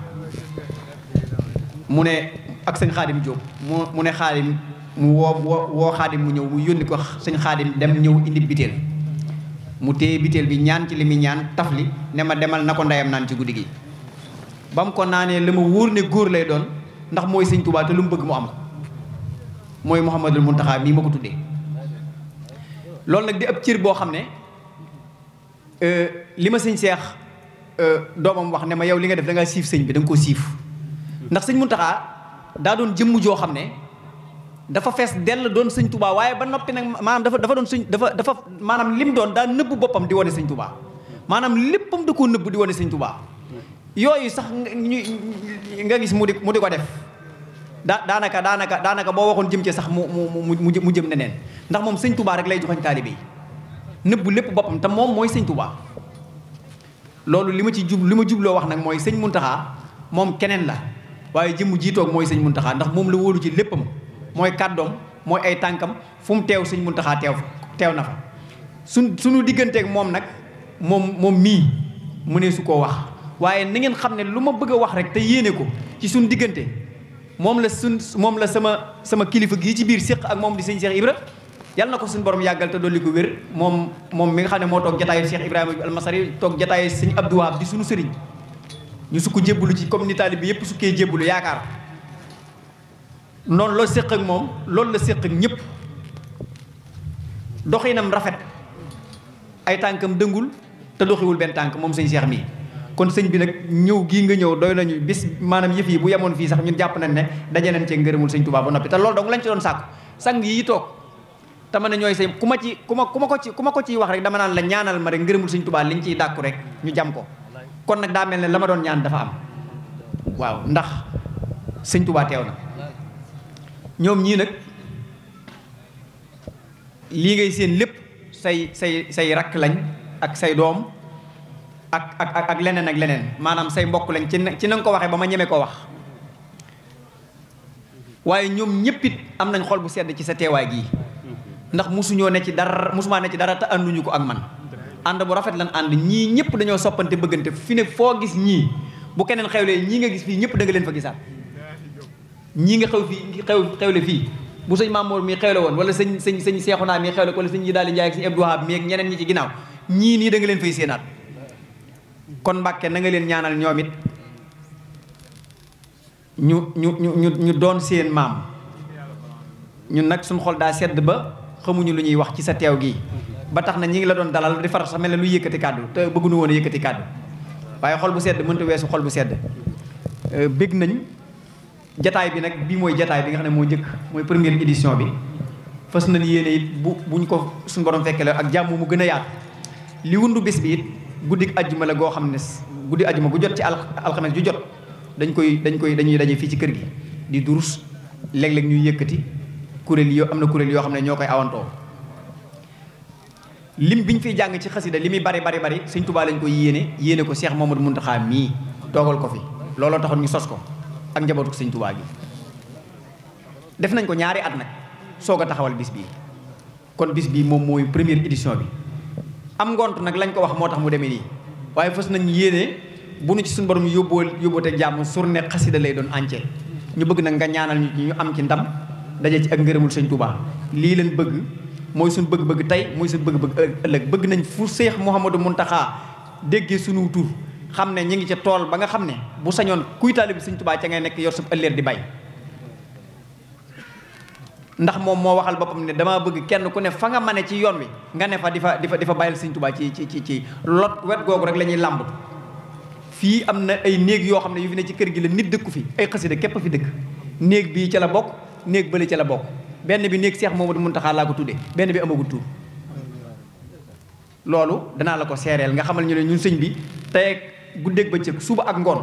mu ne ak sëñ Xaadim Diop mu mu ne Xaadim mu woo woo woo xaadim mu ñëw mu yónni ko sëñ xaadim dem ñëw indi biteel mu téye biteel bi ñaan ci li muy ñaan taf li ne ma demal na ko ndeyam naan ci guddi gi ba mu ko naanee la ma wóor ne góor lay doon ndax mooy sëñ Tuubaa te lu mu bëgg mu am ko mooy Muhammadul Muntaxaa mii ma ko tuddee loolu nag di ab cër boo xam ne euh, li ma sëñ seex euh, doomam wax ne ma yow li nga def da ngaa siif sëñ bi da ko koo siif ndax sëñ Muntaxaa daa doon jëmm joo xam ne dafa fess del doon seigne touba waye ba nopi nak manam dafa dafa doon seigne dafa dafa manam lim doon dan neub bopam di wane seigne touba manam léppam da ko neub di wane seigne touba yoyu sax ñu nga gis mu di mu di ko def daa danaka danaka daanaka jëm ci sax mu mu mu mu jëm neneen ndax mom seigne touba rek lay joxañ taalibe neub lepp bopam ta mom moy seigne touba tubaa lima ci jub lima ma jubloo wax nak moy seigne muntaha mom kenen la waaye ji jiitoog moy seigne muntaha ndax mom la wolu ci leppam moy kaddom moy ay tankam fum tew seigne muntaha tew tew teew na fa sunu suñu mom nak mom mom moom mii mu su ko wax waye na ngeen xamne luma mom bëgg wax rek te yene ko ci digeunte mom la sun mom la sama sama kilifa gi ci bir sekk ak mom di seigne Cheikh Ibra yalla nako sun borom yagal te dolli ko wér mom moom mi nga xamne mo tok jotaay Cheikh ibrahim al almasari tok jotaay seigne Abdou Wahab di sunu serigne ñu suku jébulu ci comme ni talib yépp suké jébulu yaakar noonu loo séq ak moom loolu la séq ak ñëpp doxinam rafet ay tànkam dëngul te doxiwul benn tànk moom sëñ seex mii kon sëñ bi nag ñëw gii nga ñëw doy nañu bis maanaam yëf yi bu yemoon fii sax ñun jàpp nañ ne daje nañ cee ngërëmul sëñ tubaa ba noppi te loolu dong lañ ci doon sàkku sang yi toog te ma ne ñooy sëñ ku ma ci ku ma ku ma ko ci ku ma ko ciy wax rek dama naan la ñaanal ma rek ngërëmul sëñ Touba liñ ciy dàkku rek ñu jam ko kon nag daa mel ne la ma doon ñaan dafa am waaw ndax sëñ na ñoom ñii nag lii ngay seen lépp say say say rakk lañ ak say doom ak ak ak leneen ak leneen maanaam say mbokk lañ ci ci na nga ko waxee ba ma ñeme ko wax waaye ñoom ñëppit am nañ xol bu sedd ci sa teewaay gii ndax musuñoo ne ci dara musumaa ne ci dara te ànduñu ko ak man ànd bu rafet lan ànd ñii ñëpp dañoo soppante bëggante fi ne foo gis ñii bu keneen xewlee ñii nga gis fii ñëpp da nga leen fa gisaat ñii nga xew fii xew xewle fii bu sëñ Mamour mii xewle woon wala sëñ sëñ sëñ naa mii xewle wala sëñ Yidaali Njaay ak sëñ Abdou Wahab mii ak ñeneen ñi ci ginnaaw ñii nii da nga leen fay séenaat kon Mbàkke na nga leen ñaanal ñoom it ñu ñu ñu ñu doon seen maam ñun nag suñ xol daa sedd ba xamuñu lu ñuy wax ci sa teew gii ba tax na ñi ngi la doon dalal di faral sax mel ne lu yëkkati kàddu te bëgguñu woon a kàddu waaye xol bu sedd mënta weesu xol bu sedd euh, bég nañ jataay bi nag bii mooy jataay bi nga xam ne moo njëkk mooy première édition bi fas nañ yéene it bu buñ ko suñ borom fekkee la ak jàmm mu gën a yaat li wundu bis bi it guddi ajjuma la goo xam ne guddi ajjuma gu jot ci alxames ju jot dañ koy dañ koy dañuy daje fii ci kër gi di durus léeg-léeg ñu yëkkati kuréel yoo am na kuréel yoo xam ne ñoo koy awantoo lim biñ fiy jàng ci xasida li muy bari bari bari Sëñ Tuubaa lañ koy yéene yéene ko Cheikh Mamadou Mountakha mii toogal ko fi looloo taxoon ñu sos ko ak njabootu sëñ Tuubaa gi def nañ ko ñaari at nag soog a taxawal bis bii kon bis bii moom mooy première édition bi am ngont nag lañ ko wax moo tax mu demee nii waaye fës nañ yéene bu nu ci suñ borom yóbboo yóbboote jàmm surne xasida lay doon ance ñu bëgg nag nga ñaanal ñu ñu am ci ndam daje ci ak ngërëmul sëñ Tuubaa lii leen bëgg mooy suñ bëgg-bëgg tey mooy suñu bëgg-bëgg ëllëg bëgg nañ fu Seex mun taxaa déggee suñu tur xam ne ñu ngi ca tool ba nga xam ne bu sañoon kuy taalib Sëriñ Tuubaa ca ngay nekk yor sub ëllëg di bay ndax moom moo waxal boppam ne damaa bëgg kenn ku ne fa nga mane ci yoon wi nga ne fa di fa di fa di bàyyil Sëriñ Tuubaa ci ci ci ci lot wet googu rek la ñuy làmb fii am na ay néeg yoo xam ne yu fi ne ci kër gi la nit dëkku fi ay xasida képp fi dëkk néeg bii ca la bokk néeg bële ca la bokk benn bi néeg Seex Mamadu Muntaxa laa ko tuddee benn bi amagul tuur loolu danaa la ko seereel nga xamal ñu ne ñun sëñ bi guddeek guddeeg bëccëg suba ak ngoon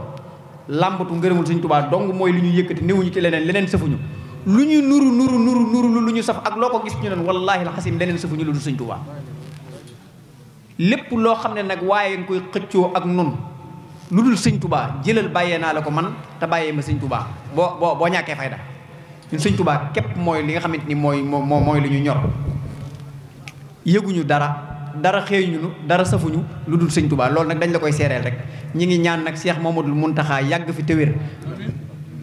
làmbatu ngërëmul Sëñ Tuubaa dong mooy li ñu yëkkati néewuñu ci leneen leneen sëfuñu lu ñu nuru nuru nuru nuru lu ñu saf ak loo ko gis ñu neen wallaahi alxasim leneen sëfuñu lu du Sëñ Tuubaa lépp loo xam ne nag waaye nga koy xëccoo ak nun lu dul sëñ tubaa jëlal bàyyee naa la ko man te bàyyee ma sëñ tubaa boo boo boo ñàkkee fayda ñun sëñ tubaa képp mooy li nga xamante ni mooy moo mooy lu ñu ñor yëguñu dara dara nu dara safuñu lu dul sëñ Touba loolu nak dañ la koy seereel rek ñi ngi ñaan nak Cheikh Mamadou Mountakha yag fi tewer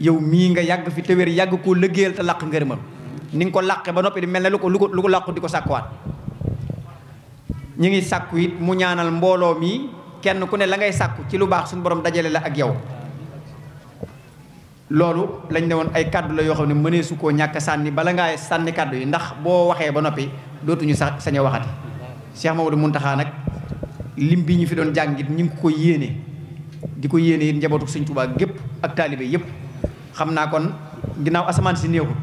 yow mi nga yag fi tewer yag ko leggeel ta laq ngërëmal ni ngi ko làqe ba noppi di melne ne lu ko lu ko lu ko làqu ñi ngi sakku it mu ñaanal mbolo mi kenn ku ne la ngay sakku ci lu baax suñu borom dajale la ak yow lolou lañ newon ay cadeau la yo xamne ne su ko ñaka sanni bala nga sanni cadeau yi ndax bo waxe ba noppi dootuñu waxati Cheikh Mamadou Muntaxa nag lim bi ñu fi doon jàngit ñu ngi ko yéene di ko yéene it njabootu Sëñ Tuubaa gépp ak taalibe yëpp xam naa kon ginnaaw asamaan si néexul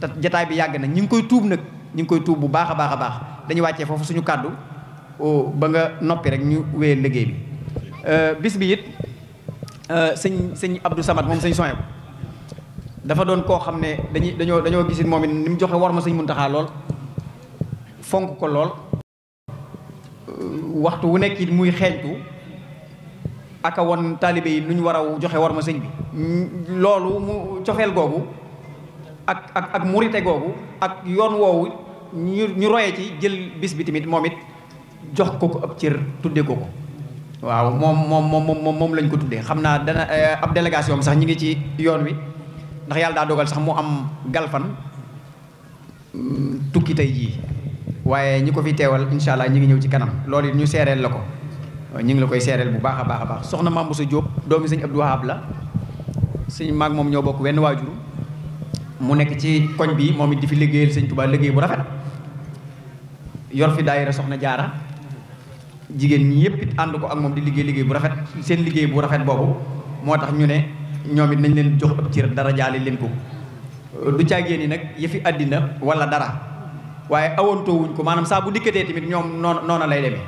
te jataay bi yàgg na ñu ngi koy tuub nag ñu ngi koy tuub bu baax a baax a baax dañuy wàccee foofu suñu kàddu ba nga noppi rek ñu wéye liggéey bi euh, bis bi it euh, sëñ sëñ Abdou Samad moom sëñ Soyebu dafa doon koo xam ne dañuy dañoo dañoo gisit moom it ni mu joxe war ma sëñ Muntaxa lool fonk ko lool waxtu wu nekk muy xeeñtu aka won taalibe yi lu ñu war a joxe war ma sëñ bi loolu mu cofeel googu ak ak ak murite googu ak yoon woowu ñu ñu royee ci jël bis bi tamit moom it jox ko ko ab cër tuddee ko ko waaw moom moom moom moom lañ ko tuddee xam naa dana eh, ab délégation sax ñi ngi ci yoon wi ndax yàlla daa dogal sax mu am galfan mm, tukki tey jii waye ñi ko fi teewal inshallah allah ñi ngi ñew ci kanam loolu ñu seereel lako ñi ngi la koy seereel bu baaxa baaxa baax soxna Mame Bousso Diop doomi sëñ Abdou Wahab la sëñ maag mom ñoo bokk wenn wajuru mu nekk ci koñ bi momit di fi liggéeyal sëñ Touba liggéey bu rafet yor fi daayira soxna jaara jigen ñi yépp it ànd ko ak mom di liggéey liggéey bu rafet seen liggéey bu rafet bobu motax ñu ne ñoomit nañ leen jox ëpp ci dara jaali leen ko du caagéen yi nak yefi adina wala dara waaye awantoo wuñ ko maanaam saa bu dikkatee tamit ñoom noon noona lay demee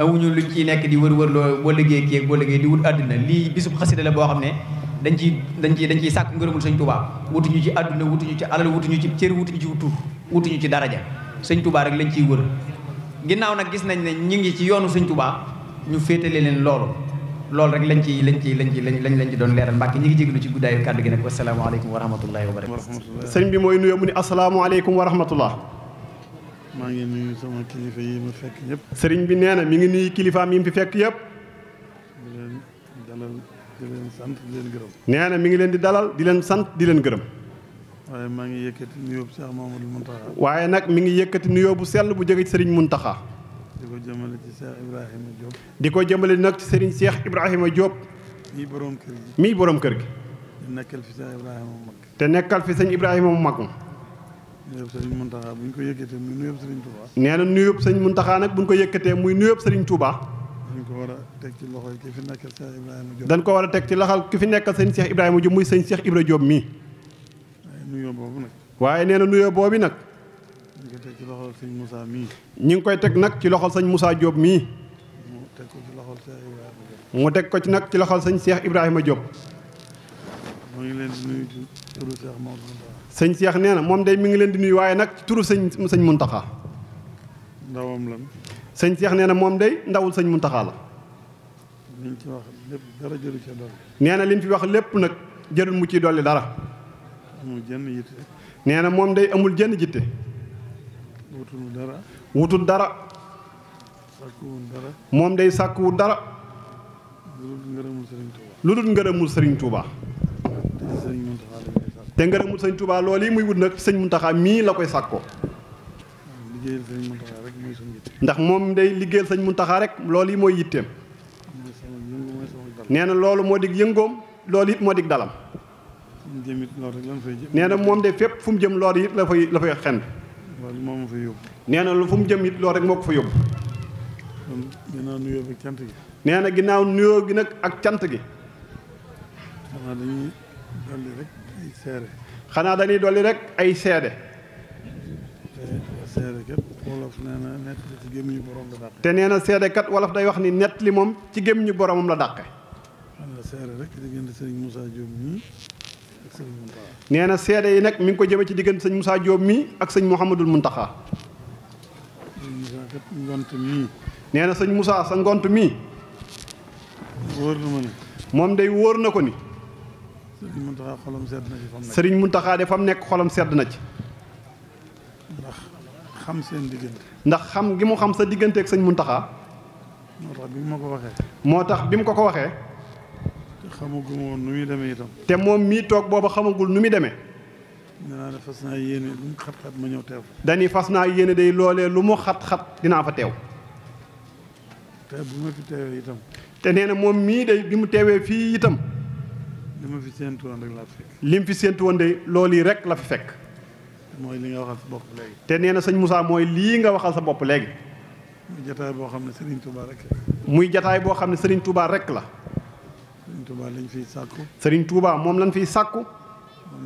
awuñu lu ciy nekk di wër wër loo boo liggéey kii ak boo liggéey di wut àdduna lii bisub xasida la boo xam ne dañ ciy dañ ciy dañ ciy sàkk ngërëmul sëñ Tuubaa wutuñu ci àdduna wutuñu ci alal wutuñu ci cër wutuñu ci tur wutuñu ci daraja sëñ Tuubaa rek lañ ciy wër ginnaaw nag gis nañ ne ñu ngi ci yoonu sëñ Tuubaa ñu féetale leen loolu loolu rek lañ ci lañ ci lañ ci lañ lañ ci doon leeral mbàkke ñi ngi jégalu ci guddaayu kàddu gi nag wasalaamaaleykum wa rahmatullahi wa barakatu sëñ bi mooy nuyoo mu ni asalaamaaleykum wa rahmatullah maa ngi nuyu sama kilifa yi ma fekk yëpp. sëriñ bi nee na mi ngi nuyu fi fekk yëpp. di leen dalal di leen sant di leen gërëm. nee na mi ngi leen di dalal di leen sant di leen gërëm. waaye maa ngi yëkkati nuyoo bu Cheikh Mamadou waaye nag mi ngi yëkkati nuyoo bu sell bu ci sëriñ di ko jëmale ci Cheikh Ibrahima Diop. di ko jëmale nag ci sëriñ Cheikh Ibrahima Diop. borom kër gi mii borom kër gi. nekkal fi Ibrahima mu mag. te nekkal fi Ibrahima mu mag. nuyoob sëriñ Muntaxa bu ñu ko yëkkatee muy nuyoob sëriñ Touba. nee na nuyoob sëriñ Muntaxa nag bu ñu ko yëkkatee muy nuyoob sëriñ Touba. dañ ko war a teg ci loxo ki fi nekkal Cheikh Ibrahima Diop. dañ ko war a teg ci loxo ki fi nekkal sëñ Cheikh Ibrahima Diop muy sëñ Cheikh Ibrahima Diop mii. waaye nuyoo boobu nag. waaye nee na nuyoo boobu nag. ñu ngi koy teg ci loxol sëñ Moussa mii. ñu ngi koy teg nag ci loxol sëñ Moussa Diop mii. mu teg ko ci loxol Cheikh Ibrahima Diop. mu teg ko ci nag ci loxol sëñ Cheikh Ibrahima Diop. maa ngi leen di nuyu ci turu Cheikh Maodo sëñ seex nee na moom day mi ngi leen di nuy waaye nag ci turu sëñ sëñ Muntaxa ndawam sëñ Cheikh nee na moom day ndawul sëñ Muntaxa la liñ ci wax lépp dara nee na liñ fi wax lépp nag jërul mu ciy dolli dara amul jenn nee na moom day amul jenn jitte wutul dara wutul dara sàkkuwul dara day sàkkuwul dara lu dul ngërëmul sëriñ Tuuba lu dul ngërëmul sëriñ Tuuba te ngërëmul sañ Touba loolu yi muy wut nag sëñ Muntaxa mii la koy sàkko ndax moom day liggéeyal sëñ Muntaxa rek loolu yi mooy yitteem nee loolu moo digg yëngoom loolu it moo dig dalam nee na moom de fépp fu mu jëm loolu it la fay la fay xend nee na lu fu mu jëm it loolu rek moo ko fa yóbbu nee na ginnaaw nuyoo gi nag ak cant gi xanaa dañuy dolli rek ay seede te nee na seede kat wolof day wax ni nett li moom ci gémmiñu boromam la dàqe nee na seede yi nag mi ngi ko jëme ci diggante sëñ musa Diop mii ak sañ Mouhamadul Muntaxa nee na sëñ sa ngont mii ne moom day wóor na ko ni سرين منتخا دي فام نيك خولم سد ناج خام سين ديغنت ناخ خام غيمو خام سا ديغنت اك سرين منتخا موتاخ بيم مكو واخه موتاخ بيم كوكو واخه خامو غمو نوي دامي تام تي موم مي توك بوبا خاموغول نوي دامي دانا فاسنا ييني لوم خات خات ما نيو تيو داني فاسنا ييني داي لولي لومو خات خات دينا فا تيو تا بوما في تيو يتام تي نينا موم مي داي بيمو تيوي في يتام li ma fi séentu fi li mu fi séentu woon de loolu yi rek la fi fekk. mooy li nga waxal sa bopp léegi. te nee na sëñ Moussa mooy lii nga waxal sa bopp léegi. boo xam ne Serigne Touba rek muy jataay boo xam ne Serigne Touba rek la. Serigne Touba fiy sàkku. Serigne Touba moom lañ fiy sàkku.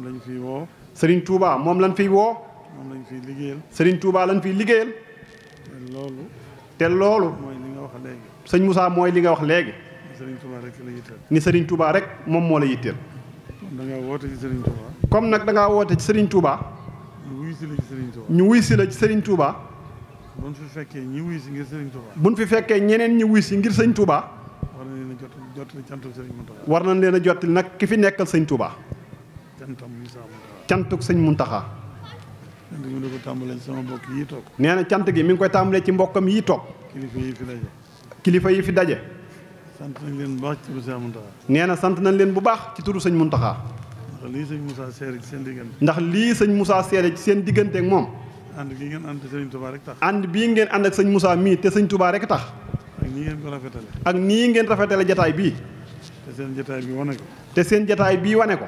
lañ fiy woo. Serigne Touba moom lañ fiy woo. moom lañ fiy liggéeyal. Serigne Touba lañ fiy liggéeyal. te loolu. te loolu. mooy nga wax sëñ Moussa mooy li nga wax léegi. Serigne Touba rek la yitteel. ni Serigne Touba rek moom moo la yitteel. da ngaa woote ci Serigne comme nag da ngaa woote ci Serigne Touba. ñu wuy si la ci Serigne Touba. ñu wuy si la ci Serigne Touba. buñ fi fekkee ñi wuy si ngir Serigne Touba. buñ fi fekkee ñeneen ñi wuy si ngir Serigne Touba. war nañ leen a jottali cantu Serigne Mountakha. war nañ leen a jottali nag ki fi nekkal Serigne Touba. cantam muy Serigne Mountakha. cantuk sañ Mountakha. cant gi mi ngi ko tàmbalee ci sama toog. nee cant gi mi ngi koy tàmbalee ci mbokkam yi toog. kilifa yi kilifa yi fi daje. sant nañ leen bu baax ci turu sëñ nee na sant nañ leen bu baax ci turu sëñ Muntaxa. ndax lii sëñ Moussa seere ci seen diggante. ndax lii sëñ Moussa seere seen diggante ak moom. ànd bii ngeen ànd sëñ Touba rek tax. ànd bii ngeen ànd ak sëñ Moussa mii te sëñ Touba rek tax. ak nii ngeen ak nii ngeen rafetale jataay bii. te seen jataay bii wane ko. te seen jataay bii wane ko.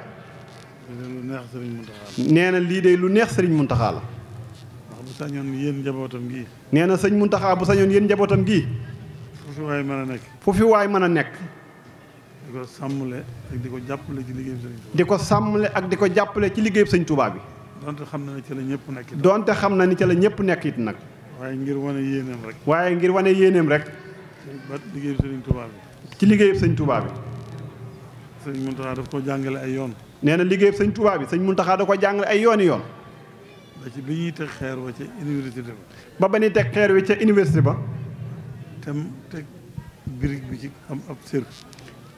nee na lii de lu neex sëriñ Muntaxa la. nee na sëñ Muntaxa bu sañoon yéen njabootam gii. fi waay mën a nekk. fu fi waay mën a nekk. di ko sàmmale ak di ko jàppale ci liggéeyub di ko sàmmale ak di ko jàppale ci liggéeyub sëñ tubaab bi. donte xam na ni ca la ñëpp nekk it. donte xam na ni ca la ñëpp nekk it nag. waaye ngir wane yéeneem rek. waaye ngir wane yéeneem rek. ba liggéeyub sëñ Touba bi. ci liggéeyub sëñ Touba bi. sëñ Mountakha daf koo jàngale ay yoon. nee na liggéeyub sëñ Touba bi sëñ Mountakha da koo jàngale ay yoon i yoon. ba ci bi ñuy teg xeer wa ca université ba. ba ba teg xeer wi ca université ba te te birig bi ci am ab sër.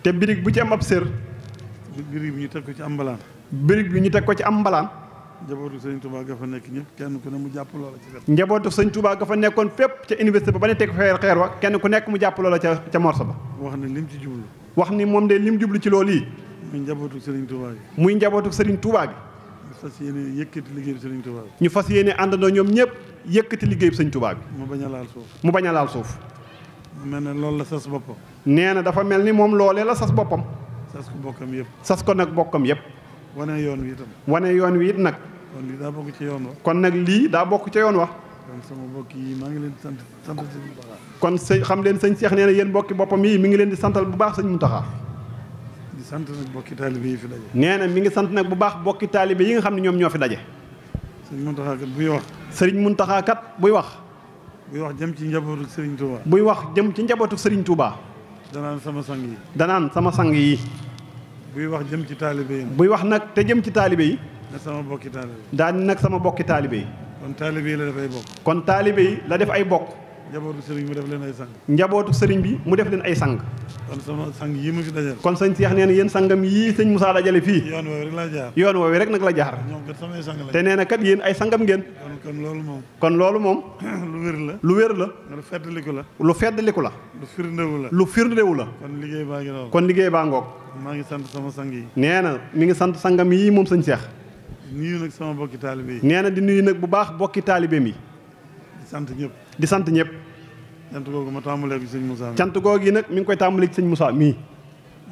te birig bu ci am ab sër. birig bi ñu teg ko ci ambalan mbalaan. birig bi ñu teg ko ci am mbalaan. njabootu sëñ Touba ga fa nekk ñëpp kenn ku ne mu jàpp loola ci wet. njabootu sëñ Touba ga fa nekkoon fépp ca université ba ba ne teg xeer wa kenn ku nekk mu jàpp loola ca ca morso ba. wax ne lim ci jublu. wax ni moom de lim jublu ci loolu muy njabootu sëriñ Touba gi. muy njabootu sëriñ Touba gi. ñu fas yéene yëkkati Touba ñu fas yéene àndandoo ñoom ñëpp yëkkati liggéeyub Touba bi. mu bañ laal suuf mu bañ laal suuf. mel na loolu la sas boppam. nee na dafa mel ni moom loolee la sas boppam. sas ko bokkam yëpp. sas ko nag bokkam yëpp. wane yoon wi itam. wane yoon wi it nag. kon lii daa bokk ci yoon wa. kon nag lii daa bokk ci yoon wa. kon sama mbokk yi maa ngi leen di sant sant bu baax. kon sëñ xam leen sañ seex nee na yéen mbokki boppam yii mi ngi leen di santal bu baax sëñ Mountakha. di sant nag bokki taalibe yi fi daje. nee na mi ngi sant nag bu baax bokki taalibe yi nga xam ne ñoom ñoo fi daje. sëñ Mountakha kat buy wax. sëriñ Mountakha kat buy wax. buy wax jëm ci njabootu Serigne Touba. buy wax jëm ci njabootu Serigne Touba. danaan sama sang yi. danaan sama sang yi. buy wax jëm ci taalibe yi. buy wax nag te jëm ci taalibe yi. na sama bokki taalibe. daan nag sama bokki taalibe yi. kon taalibe yi la def ay bokk. kon taalibe yi la def ay bokk. njabootu sëriñ bi mu def leen ay sang. njabootu sëriñ bi mu def leen ay sang. kon sama sang yii mu fi dajale. kon sëñ Seex nee na yéen sangam yii sëñ Moussa dajale fii. yoon woowu rek la jaar. yoon woowu rek nag la jaar. ñoom kat samay sang la. te nee na kat yéen ay sangam ngeen. kon loolu moom. kon loolu moom. (coughs) lu wér la. lu wér la. lu feddaliku la. lu feddaliku la. lu firndewu la. lu firndewu la. kon liggéey baa ngi kon liggéey baa ngoog. maa ngi sant sama sang yi. nee na mi ngi sant sangam yii moom sëñ Seex. nuyu nag sama bokki taalibe yi. na di nuyu nag bu baax bokki taalibe mi. sant ñëpp di sant ñëpp. cant googu ma tàmbalee ci sëñ Moussa. cant googu yi nag mi ngi koy tàmbalee sañ sëñ mii.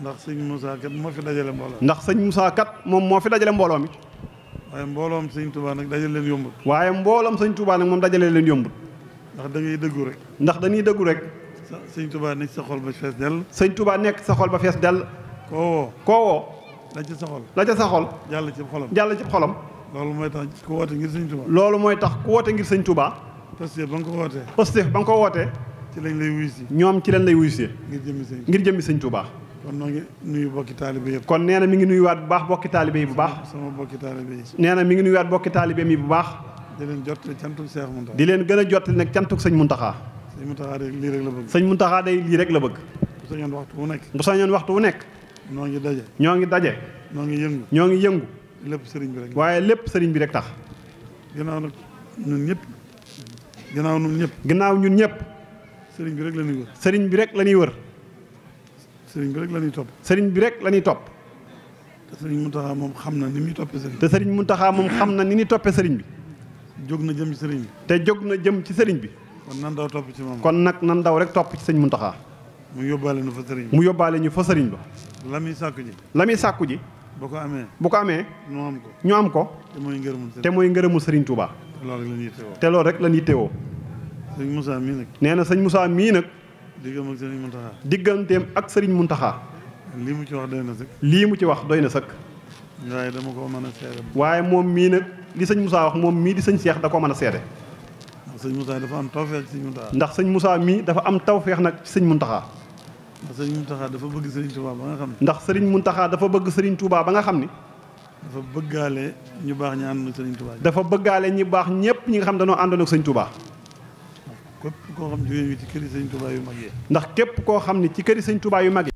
ndax sëñ Moussa kat moo fi dajale mbooloo. ndax sëñ Moussa kat moom moo fi dajale mbooloo mi. waaye mbooloom sëñ Touba nag dajale leen yombut. waaye mbooloom sëñ Touba moom dajalee leen yombut. ndax da ngay dëggu rek. ndax dañuy dëggu rek. sëñ tubaa nekk sa xol ba fees dell. sañ tubaa nekk sa xol ba fees dell. koo woo koo woo. la ca sa xol la ca sa xol. jàll ci xolam jàll ci xolam. loolu mooy tax ku woote ngir sëñ Touba. Pastef ba nga ko wootee. Pastef ba nga ko wootee. ci lañ lay wuyu si. ñoom ci lañ lay wuyu si. ngir jëmmi sëñ ngir jëmmi sëñ Touba. kon noo ngi nuyu bokki taalibe yëpp. kon nee na mi ngi nuyuwaat bu baax bokki taalibe yi bu baax. sama bokki taalibe yi. nee na mi ngi nuyuwaat bokki taalibe yi bu baax. di leen jottali cantuk Seex Muntaxa. leen gën a jottali nag cantuk sëñ Muntaxa. sëñ Muntaxa day lii rek la bëgg. lii rek la bëgg. bu sañoon waxtu wu nekk. bu sañoon waxtu wu nekk. ñoo ngi daje. ñoo ngi daje. ñoo ngi yëngu. ñoo ngi yëngu. lépp sëriñ bi rek. waaye lépp sëriñ bi rek tax. ginnaaw nag ñun ñëpp gannaaw ñun ñëpp. gannaaw ñun ñëpp. sëriñ bi rek la ñuy wër. sëriñ bi rek la ñuy wër. sëriñ bi rek la ñuy topp. sëriñ bi rek la ñuy topp. te sëriñ Mountakha moom xam na ni muy toppee te sëriñ Mountakha moom xam na ni muy toppee sëriñ bi. jóg na jëm ci sëriñ bi. te jóg na jëm ci sëriñ bi. kon nan daw topp ci moom. kon nag nan daw rek topp ci sëriñ Mountakha. mu yóbbaale nu fa sëriñ mu yóbbaale ñu fa sëriñ ba. la muy sàkku ji. la muy sàkku ji. bu ko amee bu ko amee. ñu am ko ñu am ko. te mooy ngërëmu sëriñ Touba te loolu rek la ñuy teewoo. sëñ Moussa mii nag. nee na sëñ Moussa mii nag. digganteem ak sëriñ Muntaxa. digganteem ak sëriñ Muntaxa. lii mu ci wax doy na sëkk. lii mu ci wax doy na sëkk. waaye dama ko mën a seede. waaye moom mii nag li sëñ Moussa wax moom mii di sëñ seex da ko mën a seede. ndax sëñ Moussa dafa am tawfeex ci sëñ ndax sëñ Moussa mii dafa am tawfeex nag ci sëñ Muntaxa. ndax sëriñ Muntaxa dafa bëgg sëriñ Touba ba nga xam ni. ndax sëriñ Muntaxa dafa bëgg sëriñ Touba ba nga xam ni dafa bëggaale ñu baax ñi àndoon ak sëñ dafa bëggaale ñu baax ñëpp ñi nga xam dañoo àndoon ak sëñ Touba. képp koo xam jóge nga yu mag yi. ndax képp koo xam ne ci këri sëñ Touba yu mag yi.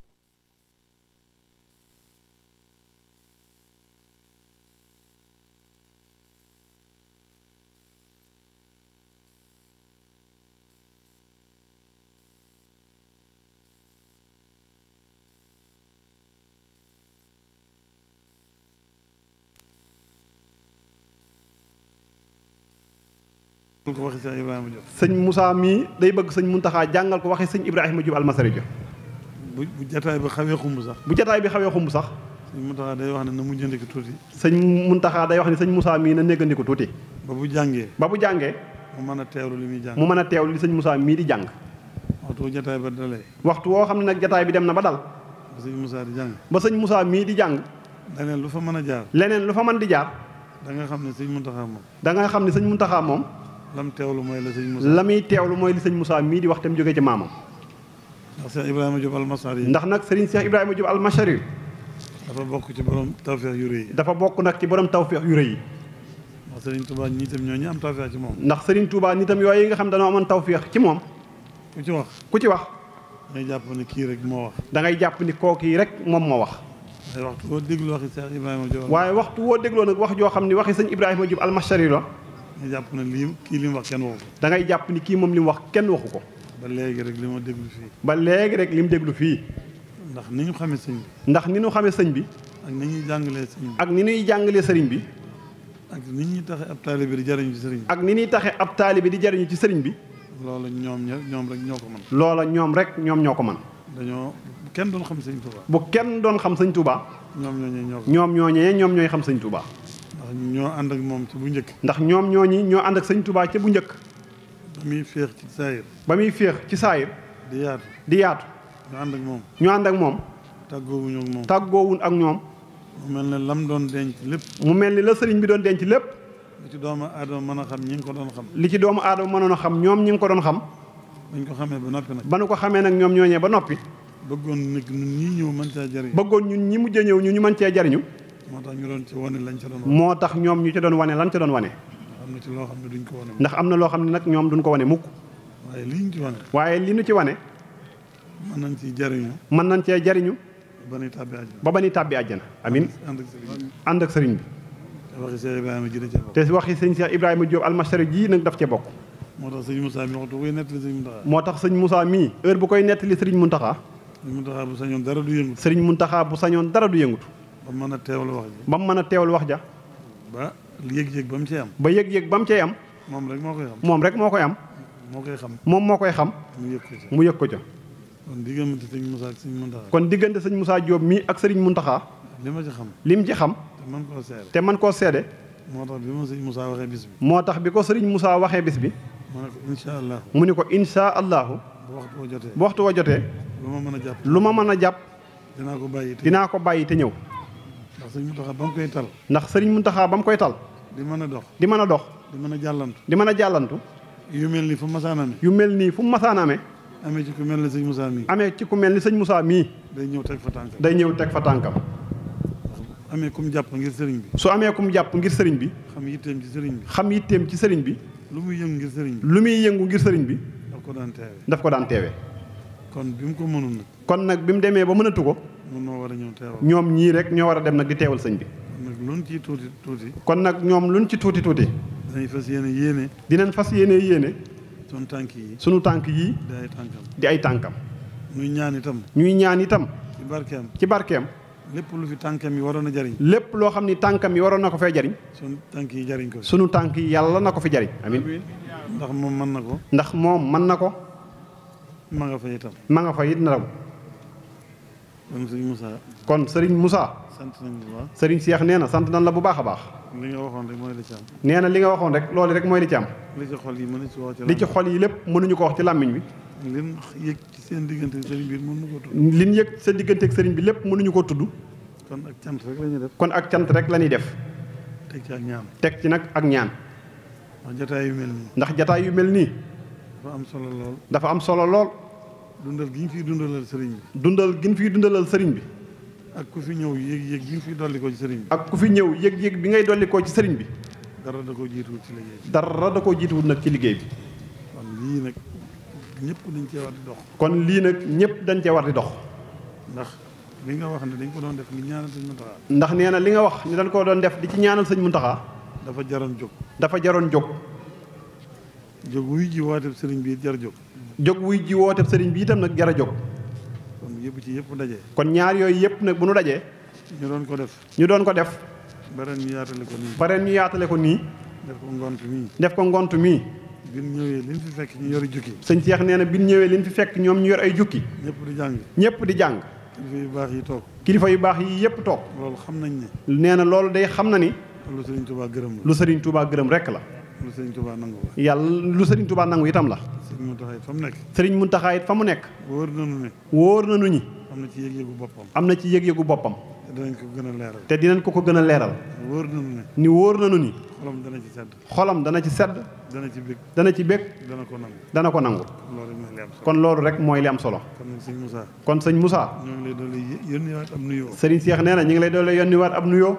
ko ko waxee sëñ Ibrahima Diop. sëñ Moussa mii day bëgg sëñ Mountakha jàngal ko waxee sëñ Ibrahima Diop almasari jo bu bu bi xawee xumb sax. bu jataay bi xawee xumb sax. sëñ Mountakha day wax ne na mujjandiku tuuti. sëñ day wax Moussa na ba bu ba bu mu mu Moussa di Jang. waxtu jataay ba dalee. waxtu bi dem na ba dal. ba Moussa di Jang. ba sëñ Moussa Mi di Jang. Lenen lu fa mën jaar. leneen lu fa mën di jaar. da nga da nga lam teewlu mooy la sëñ Moussa. la muy mooy li sëñ Moussa mii di wax tam jógee ci maamam. ndax Cheikh Ibrahima Diop yi ndax nag Serigne Cheikh Ibrahima Diop almashari. dafa bokk ci borom tawféex yu rëy yi. dafa bokk nag ci borom tawféex yu rëy yi. ndax Serigne Touba ñi itam ñoo ñu am tawféex ci moom. ndax Serigne Touba ñi itam yooyu nga xam dañoo amoon tawféex ci moom. ku ci wax ku ci wax. da ngay jàpp ni kii rek moo wax. dangay jàpp ni kooku yi rek moom moo wax. waaye waxtu woo déglu waxi Cheikh Ibrahima woo dégloo nag wax joo xam ni waxi sëñ Ibrahima Diop almashari la nga jàpp ne lii kii li mu wax kenn waxu ko. da ngay jàpp ni kii moom li mu wax kenn waxu ko. ba léegi rek li ma déglu fii. ba léegi rek li mu déglu fii. ndax ni ñu xamee sëñ bi. ndax ni ñu xamee sëñ bi. ak ni ñuy jàngalee sëñ ak ni ñuy jàngalee sëriñ bi. ak ni ñuy taxe ab taalibe di jariñu ci sëriñ bi. ak ni ñuy taxe ab taalibe di jariñu ci sëriñ bi. loola ñoom ñoom rek ñoo ko mën. loola ñoom rek ñoom ñoo ko man dañoo kenn doon xam sëñ Touba. bu kenn doon xam sëñ Touba. ñoom ñooñee ñoom ñooñee ñoom ñooy xam sëñ Touba. ndax ñoo ànd ak moom ca bu njëkk. ndax ñoom ñooñi ñoo ànd ak sëñ Touba ca bu njëkk. ba muy féex ci saayir. ba muy féex ci saayir. di yaatu di yaatu. ñu ànd ak moom ñu ànd ak moom. tàggoowuñu ak moom tàggoowuñ ak ñoom. mu mel ne lam doon denc lépp. mu mel ni la sëriñ bi doon denc lépp. li ci doomu aadama mën a xam ñi ngi ko doon xam. li ci doomu aadama mënoon a xam ñoom ñi ngi ko doon xam. bañ ko xamee ba noppi nag. ba nu ko xamee nag ñoom ñooñee ba noppi. bëggoon nag ñun ñii ñëw mën cee jariñu. bëggoon ñun ñi mujjee ñëw ñu ñu mën cee jariñu moo tax moo tax ñoom ñu ca doon wane lañ ca doon wane. am na ci loo xam ne duñ ko wane. ndax am na loo xam ne nag ñoom duñ ko wane mukk. waaye li ñu ci wane. waaye li ñu ci wane. mën nañ ci jariñu. mën nañ cee jariñu. ba ba ñuy tàbbi àjjana. ba ba ñuy tàbbi àjjana amin ànd ak sëriñ bi. te waxi sëñ Cheikh Ibrahima Diop almashari ji nag daf cee bokk. moo tax sëñ Moussa mii waxtu koy nettali sëñ Mountakha. moo tax sëñ Moussa mii heure bu koy nettali sëriñ Mountakha. sëriñ Mountakha bu sañoon dara du yëngutu. sëriñ Mountakha bu sañoon dara du yëngutu. ba mën a teewal wax ja. ba mu mën a teewal wax ja. ba yëg-yëg bam mu cee am. ba yëg-yëg ba mu cee am. moom rek moo koy am moom rek moo koy am. moo koy xam moom moo koy xam. mu yëg ko ca mu yëg ko ca. kon diggante sëñ Moussa ak sëñ Mountakha. kon diggante sëñ Moussa Diop mii ak sëriñ Mountakha. li ma ci xam li mu ci xam. te man koo seede te man koo seede. moo bi ma sëriñ Moussa waxee bis bi. moo bi ko sëriñ Moussa waxee bis bi. mu ne ko allahu. mu ne ko incha allahu. bu waxtu wa jotee bu waxtu wa jotee. lu ma mën a jàpp lu ma mën a jàpp. ko bàyyi te ñëw. ndax sëriñ Muntaxa ba mu koy tal. ndax sëriñ Muntaxa ba mu koy tal. di mën a dox di mën a dox. mën a jàllantu di mën a jàllantu. yu mel nii fu mu yu mel nii fu mu masaan amee. amee ci ku mel ni sëñ Moussa mii. amee ci ku mel ni sëñ Moussa mii. day ñëw teg fa tànkam day ñëw teg fa tànkam. amee kum jàpp ngir sëriñ bi. su amee kum jàpp ngir sëriñ bi. xam yitteem ci sëriñ bi. xam yitteem ci sëriñ bi. lu muy yëngu ngir sëriñ bi. lu muy yëngu ngir sëriñ bi. daf ko daan teewee ko daan kon bi mu ko mënul kon nag bi mu demee ba mënatu ko. ñoom ñii rek ñoo war a dem nag di teewal sëñ bi. kon nag ñoom luñ ci tuuti tuuti. dinañ fas yéene yéene. dinañ fas yéene yéene. sunu tànk yi sunu tànk yi. di ay tànkam ay tànkam. ñuy ñaan itam. ñuy ñaan itam. ci barkeem ci barkeem. lépp lu fi tànkam yi waroon a jariñ. lépp loo xam ni tànkam yi waroon na ko fee jariñ. sunu tànk yi jariñ ko. sunu tànk yi yàlla na ko fi jariñ. amin ndax moom mën na ko. ndax moom mën na ko. ma nga fa tam ma nga fa it na Moussa. kon Serigne Moussa. sant nañ bu baax sëriñ Cheikh neena na sant nañ la bu baax a baax. li nga waxoon rek mooy li ci am. na li nga rek loolu rek li ci am. li ci xol yi mënuñu ko wax ci. li ci xol yi ko wax ci lamiñ bi. lin yek ci seen digënté ak bi mënu ko tuddu. lin digënté ak Serigne bi mënu ñu ko tuddu. kon ak cant rek la def. kon ak cant rek ci ak ñaan. ci ak ñaan. ndax yu mel ndax jotaay yu mel dafa am solo lool. dundal gi ñu fiy dundalal sëriñ bi. dundal gi ñu fiy dundalal sëriñ bi. ak ku fi ñëw yëg-yëg gi nga fiy dolli sëriñ bi. ak ku fi ñëw yëg-yëg bi ngay dolli ko ci sëriñ bi. dara da koo jiituwul ci liggéey bi. dara da koo jiituwul nag ci liggéey kon lii nag ñëpp dañ cee war di dox. kon lii nag ñëpp dañ cee war di dox. ndax li nga wax ne dañ ko doon def di ñaanal sëñ Muntaxa. ndax nee na li nga wax ni dañ ko doon def di ci ñaanal sëñ Muntaxa. dafa jaroon jóg. dafa jaroon jóg. jóg wuy ji waateb sëriñ bi jar jóg jóg wuy ji woote sëriñ bi itam nag jar a jóg. kon yëpp ci yëpp daje. kon ñaar yooyu yëpp nag bu nu dajee. ñu doon ko def. ñu doon ko def. ba ren ñu yaatale ko nii. ba ñu yaatale ko nii. def ko ngont mii. def ngont mii. bi ñu fekk ñu yor jukki. sëñ Cheikh nee na bi ñu ñëwee li ñu fi fekk ñoom ñu yor ay jukki. ñëpp di jàng. ñëpp di jàng. kilifa yu baax yi toog. kilifa yu baax yi yëpp toog. loolu xam nañ ne. nee na loolu day xam na ni. lu Serigne Touba gërëm la. lu Serigne Touba gërëm rek la. lu Serigne Touba nangu la. yàlla lu Serigne Touba nangu itam la. Serigne Mountakha it fa mu nekk. wóor nañu ni. wóor nañu ni. na ci yëg-yëgu boppam. am na ci yëg-yëgu ko ko ko gën a leeral. wóor nañu ni. ni wóor ni. xolam dana ci sedd. xolam dana ci sedd. dana ci bég. ci bég. ko nangu. dana ko nangu. kon loolu rek mooy li am solo. kon loolu rek mooy li am solo. kon sëñ Moussa. kon sëñ Moussa. ñu ngi lay doole yónniwaat ab nuyoo. Serigne nee na ñu ngi lay doole yónniwaat ab nuyoo.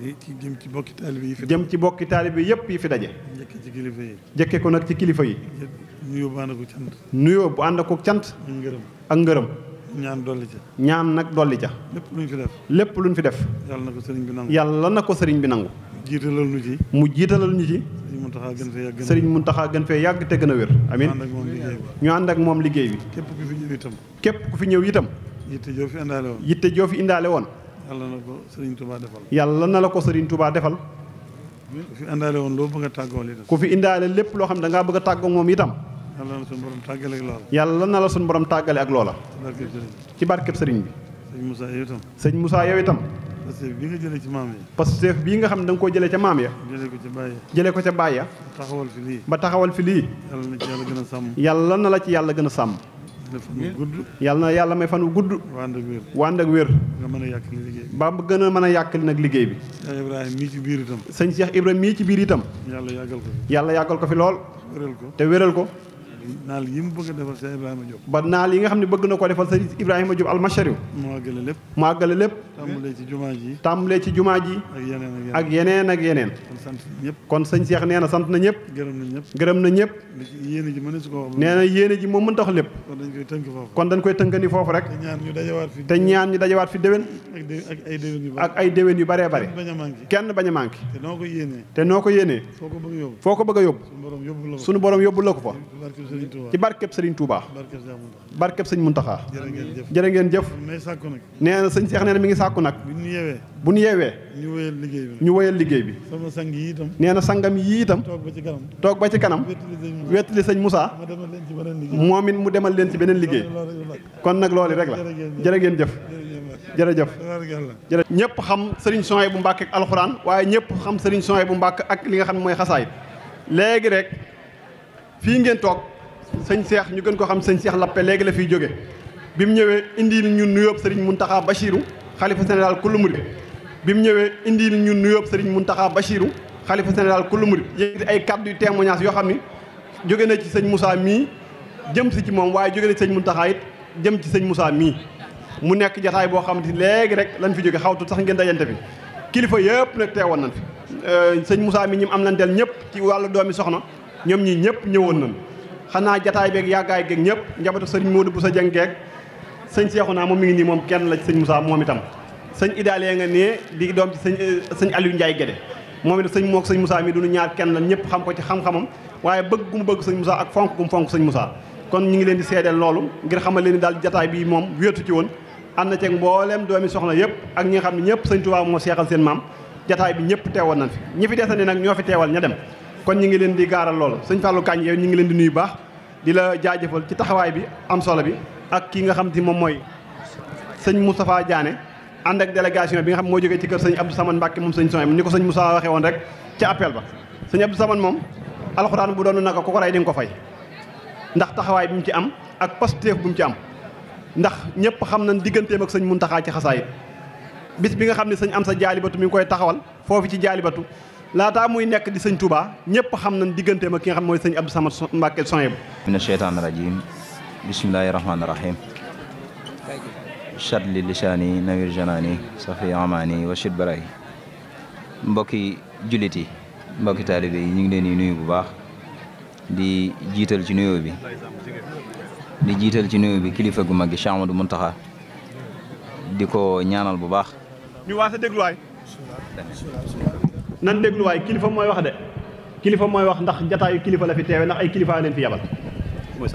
ci jëm ci bokki taalibe yi fi jëm ci bokki taalibe yëpp yi fi daje. njëkkee ci kilifa yi. njëkkee ko nag ci kilifa yi. nuyoo bu ànd ak nuyoo bu ànd ak cant. ak ngërëm ak ngërëm. ñaan dolli ca. ñaan nag dolli ca. lépp luñ fi def. lépp luñ fi def. yàlla na ko sëriñ bi nangu. yàlla na ko sëriñ bi nangu. jiitalal ñu ci. mu jiitalal ñu ci. sëriñ Muntaxa gën fee yàgg. sëriñ Muntaxa gën fee yàgg te gën a wér. amiin ñu ànd ak moom liggéey bi. képp ku fi ñëw itam. képp ku fi ñëw itam. yitte joo fi indaale woon. yitte joo fi indaale woon. yàlla na ko Serigne Touba defal. yàlla na la ko Serigne Touba defal. ku fi indaale loo bëgg lépp loo xam ne bëgg a tàggoo moom itam. yàlla na la sunu borom tàggale ak loola. yàlla na la sunu borom tàggale ak loola. ci barkeb Serigne bi. sëñ Moussa yow itam. sëñ Moussa yow itam. Pastef bii nga xam ne da nga ca maam ya. jëlee ko ca baay ya. ba taxawal fi lii. na a sàmm. yàlla na la ci yàlla gën a sàmm. yàlla na yàlla may fan wu gudd. wànd ak wér. ba gën a mën a yàq nag liggéey bi. sëñ Ibrahima mii ci biir itam. sëñ Cheikh Ibrahima mii ci biir itam. yàlla yàggal ko fi. yàlla yàggal ko fi lool. te wéral ko. naal yi mu bëgg a defal Cheikh Ibrahima Diop ba naal yi nga xam ne bëgg na ko defal Serigne Ibrahima Diop almashariw mu àggale lépp tàmbalee ci jumaa ji ak yeneen ak yeneen kon sant ñëpp kon sëñ Cheikh na sant na ñëpp gërëm na ñëpp gërëm na ñëpp yéene ji mënees ko wax nee na yéene ji moom mënta wax lépp kon dañ koy tënk foofu kon dañ koy tënkani foofu rek te ñaan ñu dajawaat fi déwén ak ay déwén yu baree bare kenn bañ a manqué te noo ko yéenee foo ko bëgg a yóbbu suñu borom yóbbu la fa ci barkeb Serigne Touba. barkeb sëñ Muntaxa. jërë ngeen jëf nee na sëñ Seex nee mi ngi sàkku nag. bu ñu yeewee. ñu wéyal liggéey bi ñu wéyal liggéey bi. nee na sangam yii itam. toog ba ci kanam. wettali sëñ Moussa. moom it mu demal leen ci beneen liggéey. kon nag loolu rek la jërë ngeen jëf. jërëjëf jërëjëf ñëpp xam sëriñ Souhaïbou bu Mbàkke ak alxuraan waaye ñëpp xam sëriñ Souhaïbou bu Mbàkke ak li nga xam ne mooy xasaay léegi rek fii ngeen toog sëñ Cheikh ñu gën ko xam sëñ Cheikh Lappe léegi la fiy jóge bi mu ñëwee indil ñu nuyoob sëriñ Mountakha Bachirou xalifa général kullu murid bi mu ñëwee indil ñu nuyoob sëriñ Mountakha Bachirou xalifa général kullu murid ay kàddu yu témoignage yoo xam ni jóge na ci sëñ Moussa mii jëm si ci moom waaye jóge na ci sëñ Mountakha it jëm ci sëñ Moussa mii mu nekk jataay boo xam ne léegi rek lañ fi jóge xawtu sax ngeen dajante fi kilifa yëpp nag teewoon nañ fi euh, sëñ Moussa mi ñi am lan del ñëpp ci wàllu doomi soxna ñoom ñii ñëpp ñëwoon nañ xanaa jataay beeg yàggaay geeg ñëpp njabootu sëriñ Modou Bousso Dieng sañ sëñ naa moom mi ngi nii moom kenn la ci sëñ moom itam sëñ Idaalee nga ne di doom ci sëñ sëñ Aliou Ndiaye Guédé moom itam sëñ mook sëñ Moussa mi ñaar kenn la ñëpp xam ko ci xam-xamam waaye bëgg gu mu bëgg sëñ Moussa ak fonk gu mu fonk sëñ Moussa kon ñu ngi leen di seedeel loolu ngir xamal leen ni daal jataay bi moom wéetu ci woon ànd na ceeg mbooleem doomi soxna yëpp ak ñi nga xam ne ñëpp sëñ Tuubaa moo seexal seen maam jataay bi ñëpp teewoon nañ fi ñi fi desandi nag ñoo fi teewal ña dem kon ñu ngi leen di gaaral lool sëñ Fallou Kañ yow ñu ngi leen di nuyu baax di la jaajafal ci taxawaay bi am solo bi ak kii nga xam ci moom mooy sëñ Moustapha jaane ànd ak délégation bi nga xam moo jógee ci kër sëñ Abdou Samane Mbacke moom sëñ Sohaybu ni ko sëñ Moussa waxee woon rek ci appel ba sëñ Abdou Samane moom alxuraan bu doon naka ko rey di ko fay ndax taxawaay bi mu ci am ak pasteef bu mu ci am ndax ñëpp xam nañ digganteem ak sëñ Muntaxaa ci xasaayit bis bi nga xam ne sëñ am sa jaalibatu mi ngi koy taxawal foofu ci jaalibatu laataa muy nekk di sëñ Touba ñëpp xam nañ digganteem ak ki nga xam mooy sëñ Abdou Samad Mbàkke Sohaybu mina sheytaani rajim bismillahi rahmaani rahim chatli lisaani nawir janaani safi amaani washid baray mbokki jullit yi mbokki taalibe yi ñu ngi leen nii nuyu bu baax di jiital ci nuyoo bi di jiital ci nuyoo bi kilifa gu mag gi du Amadou Muntaxa di ko ñaanal bu baax ñu waase dégluwaay nan way kilifa moy wax de kilifa moy wax ndax jataayu kilifa la fi ndax ay kilifa len fi yabal moy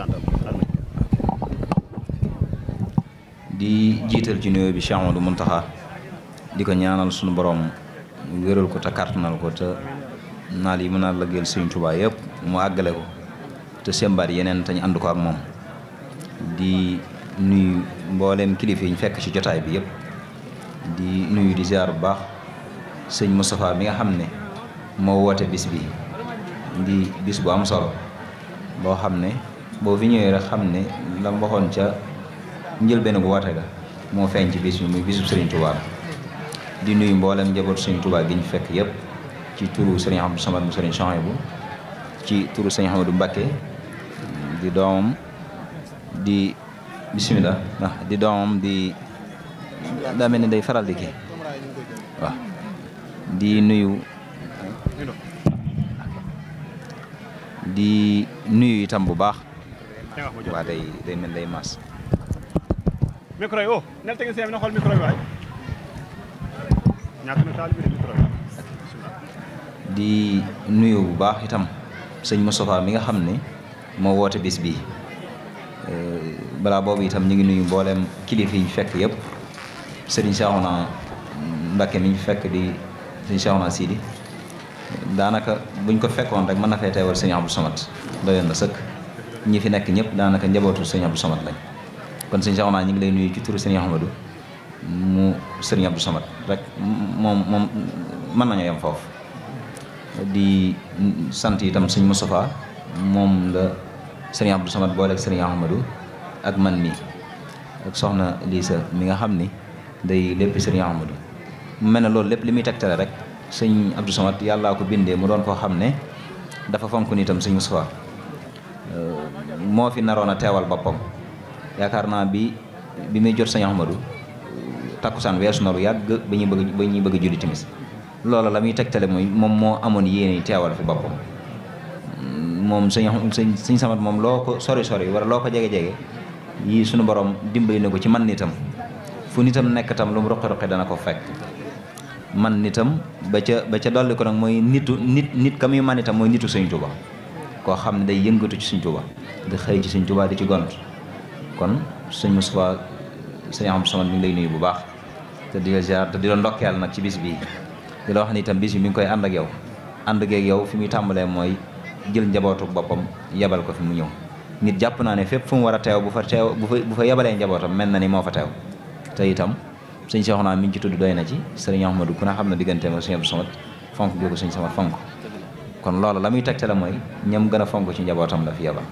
di jital ci nuyo bi Cheikh Amadou muntaha di ñaanal suñu borom wéral ko te kartanal ko te nal yi mëna la gël seigne touba yépp mu aggalé ko te sembar yenen tañ ko ak mom di nuyu mboolem kilifa yi fekk ci jotaay bi yépp di nuyu di ziar bu sëñ Moustapha bi nga xam ne moo woote bis bi di bis bu am solo boo xam ne boo fi ñëwee rek xam ne la mu waxoon ca benn bu woote ga moo feeñ ci bis bi muy bisub sëriñ Touba di nuyu mboolem njaboot sëriñ Touba gi ñu fekk yëpp ci turu sëriñ Abdou Samad mu sëriñ bu ci turu sëriñ du Mbacké di doomam di bisimilah di doomam di daa mel ni day faral liggéey kii di nuyu di nuyu itam bu baax waa day day mel oh, di nuyu bu baax itam sëñ Moustapha mi nga xam ni moo woote bis bi euh, balaa boobu itam ñu ngi nuyu mbooleem kilifa yi fekk yëpp sëriñ Cheikhouna Mbacké mi ñu fekk di suñ Cheikhouna Sidi daanaka buñ ko fekkoon rek mën na fay teewal sëñ Abdou Samad doyoon na sëkk ñi fi nekk ñëpp daanaka njabootu sëñ Abdou Samad lañ kon sëñ Cheikhouna ñu ngi lay nuyu ci turu sëñ Ahmadou mu sëriñ Abdou Samad rek moom moom mën di santi itam sëñ musafa, mom la sëriñ Abdou Samad booleeg sëriñ Ahmadou ak man mi ak soxna Lisa mi nga dari ni day lépp sëriñ Ahmadou mu mel na loolu lépp li muy tegtale rek sëñ Abdou Samad yàllaa ko bindee mu doon koo xam ne dafa fonk nitam sëñ Moustapha moo fi naroon a teewal boppam yaakaar naa bi bi muy jot sëñ Ahmadou takkusaan weesu na lu yàgg ba ñuy bëgg ba ñuy bëgg julli timis la muy tegtale mooy moom moo amoon yéene teewal fi boppam moom sëñ sëñ sëñ Samad moom loo ko sori sori wala loo ko jege-jege yii suñu borom dimbali na ko ci man nitam fu nitam nekk tam lu mu roqi roqi dana ko fekk man nitam ba ca ba ca dolli ko nag mooy nitu nit nit ka muy man itam mooy nitu Sëñ Tuuba koo xam ne day yëngatu ci Sëñ Tuuba di xëy ci Sëñ Tuuba di ci gont kon sëñ Moustapha sëñ am Samad mi ngi bu baax te di la ziar te di la ndokkeel nag ci bis bii di la wax ne itam bis bi mi ngi koy ànd ak yow ànd ak yow fi muy tàmbalee mooy jël njabootu boppam yebal ko fi mu ñëw nit jàpp naa ne fépp fu mu war a teew bu fa teew bu fa bu fa yebalee njabootam mel na ni moo fa teew te itam sëñ Cheikh naa mi ngi ci tudd na ci sëriñ Ahmadou ku ne xam na diggante ma sëñ Abdou Samad fonk googu fonk kon loolu la muy tegte la mooy ñam gën a fonk ci njabootam la fi yabal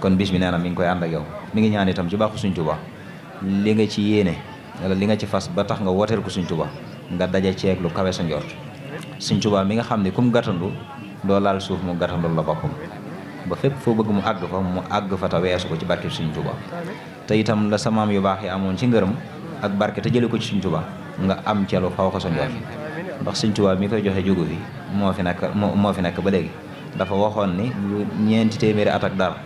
kon bis bi nee na mi ngi koy ànd yow mi ngi ñaan itam ci baaxu sëñ Tuubaa li nga ci yéene wala li nga ci fas ba tax nga wooteel ko sëñ Tuubaa nga daje ceeg lu kawe sa njort sëñ Tuubaa mi nga xam ne ku mu doo laal suuf mu gàttandul la boppam ba fépp foo bëgg mu àgg fa mu àgg fa te weesu ko ci barkeb sëñ Tuubaa te itam la samaam yu baax yi amoon ci ngërëm ak barke te jële ko ci Sëñ Tuubaa nga am celu faw ko sa ndox siñ Sëñ Tuubaa mi koy joxe jógu fi moo fi nekk moo fi nekk ba léegi dafa waxoon ni lu ñeenti téeméeri at ak dara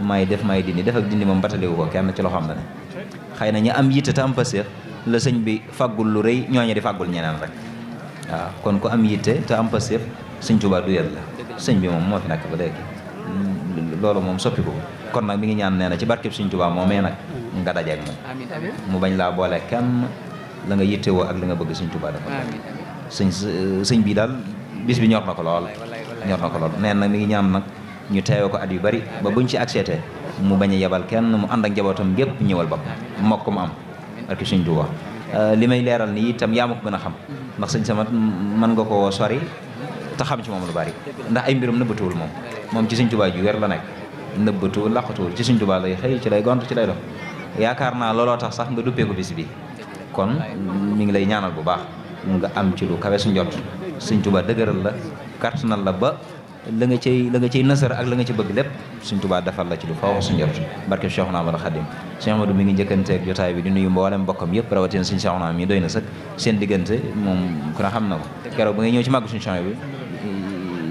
may def may dindi def ak dindi moom bataliwu ko kenn ci loxoom la ne xëy na ñu am yitte tam paseef la sëñ bi faggul lu rëy ñooñu di faggul ñeneen rek waaw kon ku am yitte te am paseef Sëñ Tuubaa du yel la sëñ bi moom moo fi nekk ba léegi loolu moom ko kon nak mi ngi ñaan neena na ci barkeb Sëriñ Tuubaa moomee nak nga dajeeg mo mu bañ la bolé kenn la nga wo ak la nga bëgg Sëriñ Tuubaa dafa sëñ sëñ bi dal bis bi ñor nako lool ñor na lool neen nak mi ngi ñaan nak ñu teewe ko at yu bari ba buñ ci accété mu bañ yabal kenn mu and ak jabotam gépp ñëwal bop mokk mu am barkeb Sëriñ Tuubaa euh, limay léral ni nii itam yaa ko gën xam mm-hmm. ndax sëñ Samat man nga ko sori ta xam ci mom lu bari ndax ay mbirum nëbbatuwul mom mom ci seigne touba ju wér la nek nëbbatuwul laqatuwul ci suñ tubaa lay xëy ci lay gont ci lay dox yaakaar naa looloo tax sax nga duppee ko bis bi kon mi ngi lay ñaanal bu baax nga am ci lu kawe su suñ tubaa dëgëral la kartanal la ba la nga cay la nga cay nësër ak la nga ci bëgg lépp suñ tubaa defal la ci lu faw su njot barke Cheikhouna Amadou Khadim Cheikh Amadou mi ngi njëkkanteeg jotaay bi di nuyu mboolem mbokkam yëpp rawatina suñ Cheikhouna mi doy na sëkk seen diggante moom ku na xam na ko keroog ba ngay ñëw ci màgg suñ Cheikh bi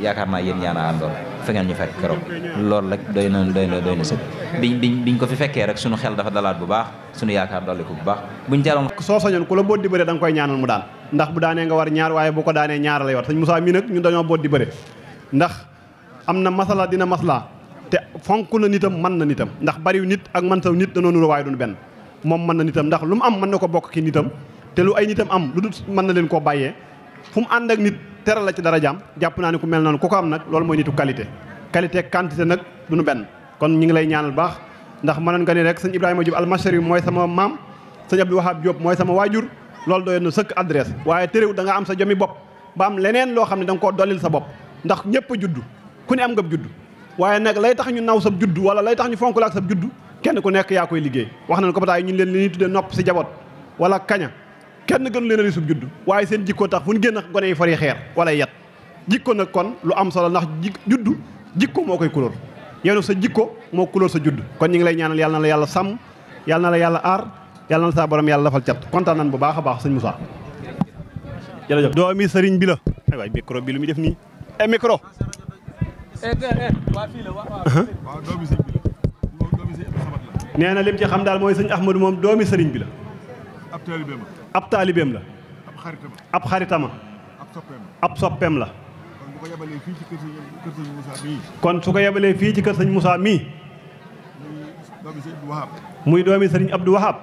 yaakaar naa yéen ñaana àndoon fi ñu fekk keroog lool rek doyna doyna doyna na biñ biñ biñ ko fi fekkee rek sunu xel dafa dalaat bu baax sunu yaakaar dolli ko bu baax buñ jaroon so sañoon ku la boddi di bëre da koy ñaanal mu daan ndax bu daanee nga war ñaar waye bu ko daanee ñaar lay war señ Moussa mi nak ñu dañoo boddi di bëre ndax amna masala dina masla te fonku na nitam man na nitam ndax bari nit ak man saw nit danoo nuru way duñu ben mom man na nitam ndax lu am man nako bok ki nitam te lu ay nitam am lu dut man na leen ko bàyyee fum and ak nit teral la ci dara jam japp naani ku mel non ku ko am nak loolu moy nitu qualité qualité quantité nak duñu ben kon ñi ngi lay ñaanal bax ndax man nga ni rek seigne Ibrahima djob al mashari moy sama mam seigne Abdou Wahab djob moy sama wajur loolu doyna seuk adresse waye terew da nga am sa jomi bop ba am leneen lo xamni ne da nga koo dollil sa bop ndax ñepp judd ku ne am nga judd waye nak lay tax ñu naw sab judd wala lay tax ñu fonku lak sa sab judd kenn ku nekk ya koy liggey wax nañ ko bataay ñu leen li ñuy tudde nopp ci jabot wala kaña kenn gënu leen a judd waaye seen jikko tax fu ñu génn gone yi fari xeer wala yat jikko nag kon lu am solo ndax juddu jikko moo koy kulóor yow nag sa jikko moo kulóor sa juddu kon ñu ngi lay ñaanal yàlla na la yàlla sàmm yàlla na la yàlla aar yàlla na sa borom yàlla dafal cat kontaan nan bu baax a baax sëñ Moussa jërëjëf doomi sëriñ bi la bi lu muy def nii e nee na lim ci xam daal mooy sëñ Ahmadou moom doomi sëriñ bi la ab ab taalibeem la ab xaritama ab soppeem la kon su ko yebalee fii ci kër sëñ Moussa mii muy doomi sëriñ Abdou Wahab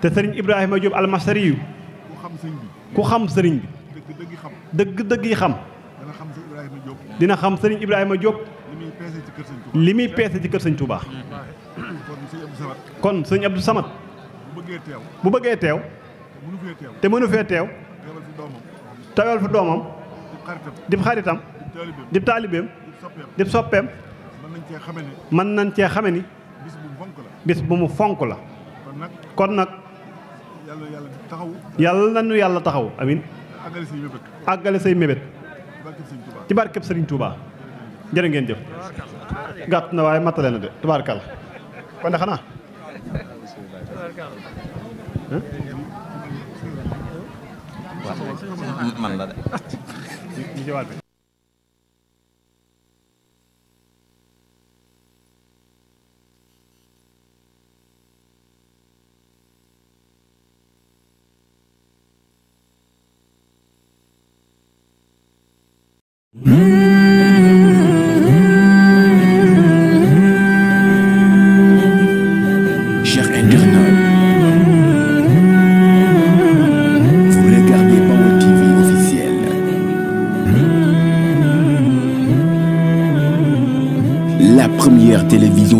te sëriñ Ibrahima Diop almasari yu ku xam sëriñ bi dëgg dëgg yi xam dina xam sëriñ Ibrahima Diop li muy peese ci kër sëñ Touba kon sëñ Abdou Samad bu bëggee teew te mënu fee teew tawel fi doomam dib xaritam dib taalibeem dib soppeem mën nañ cee xame ni bis bu mu fonk la kon nag yàlla na yàlla taxaw amin àggale say mébét ci barkeb sëriñ Touba jërë ngeen jëf gàtt na waaye mattale de tubaarkal kon de xanaa mandate. (laughs) télévision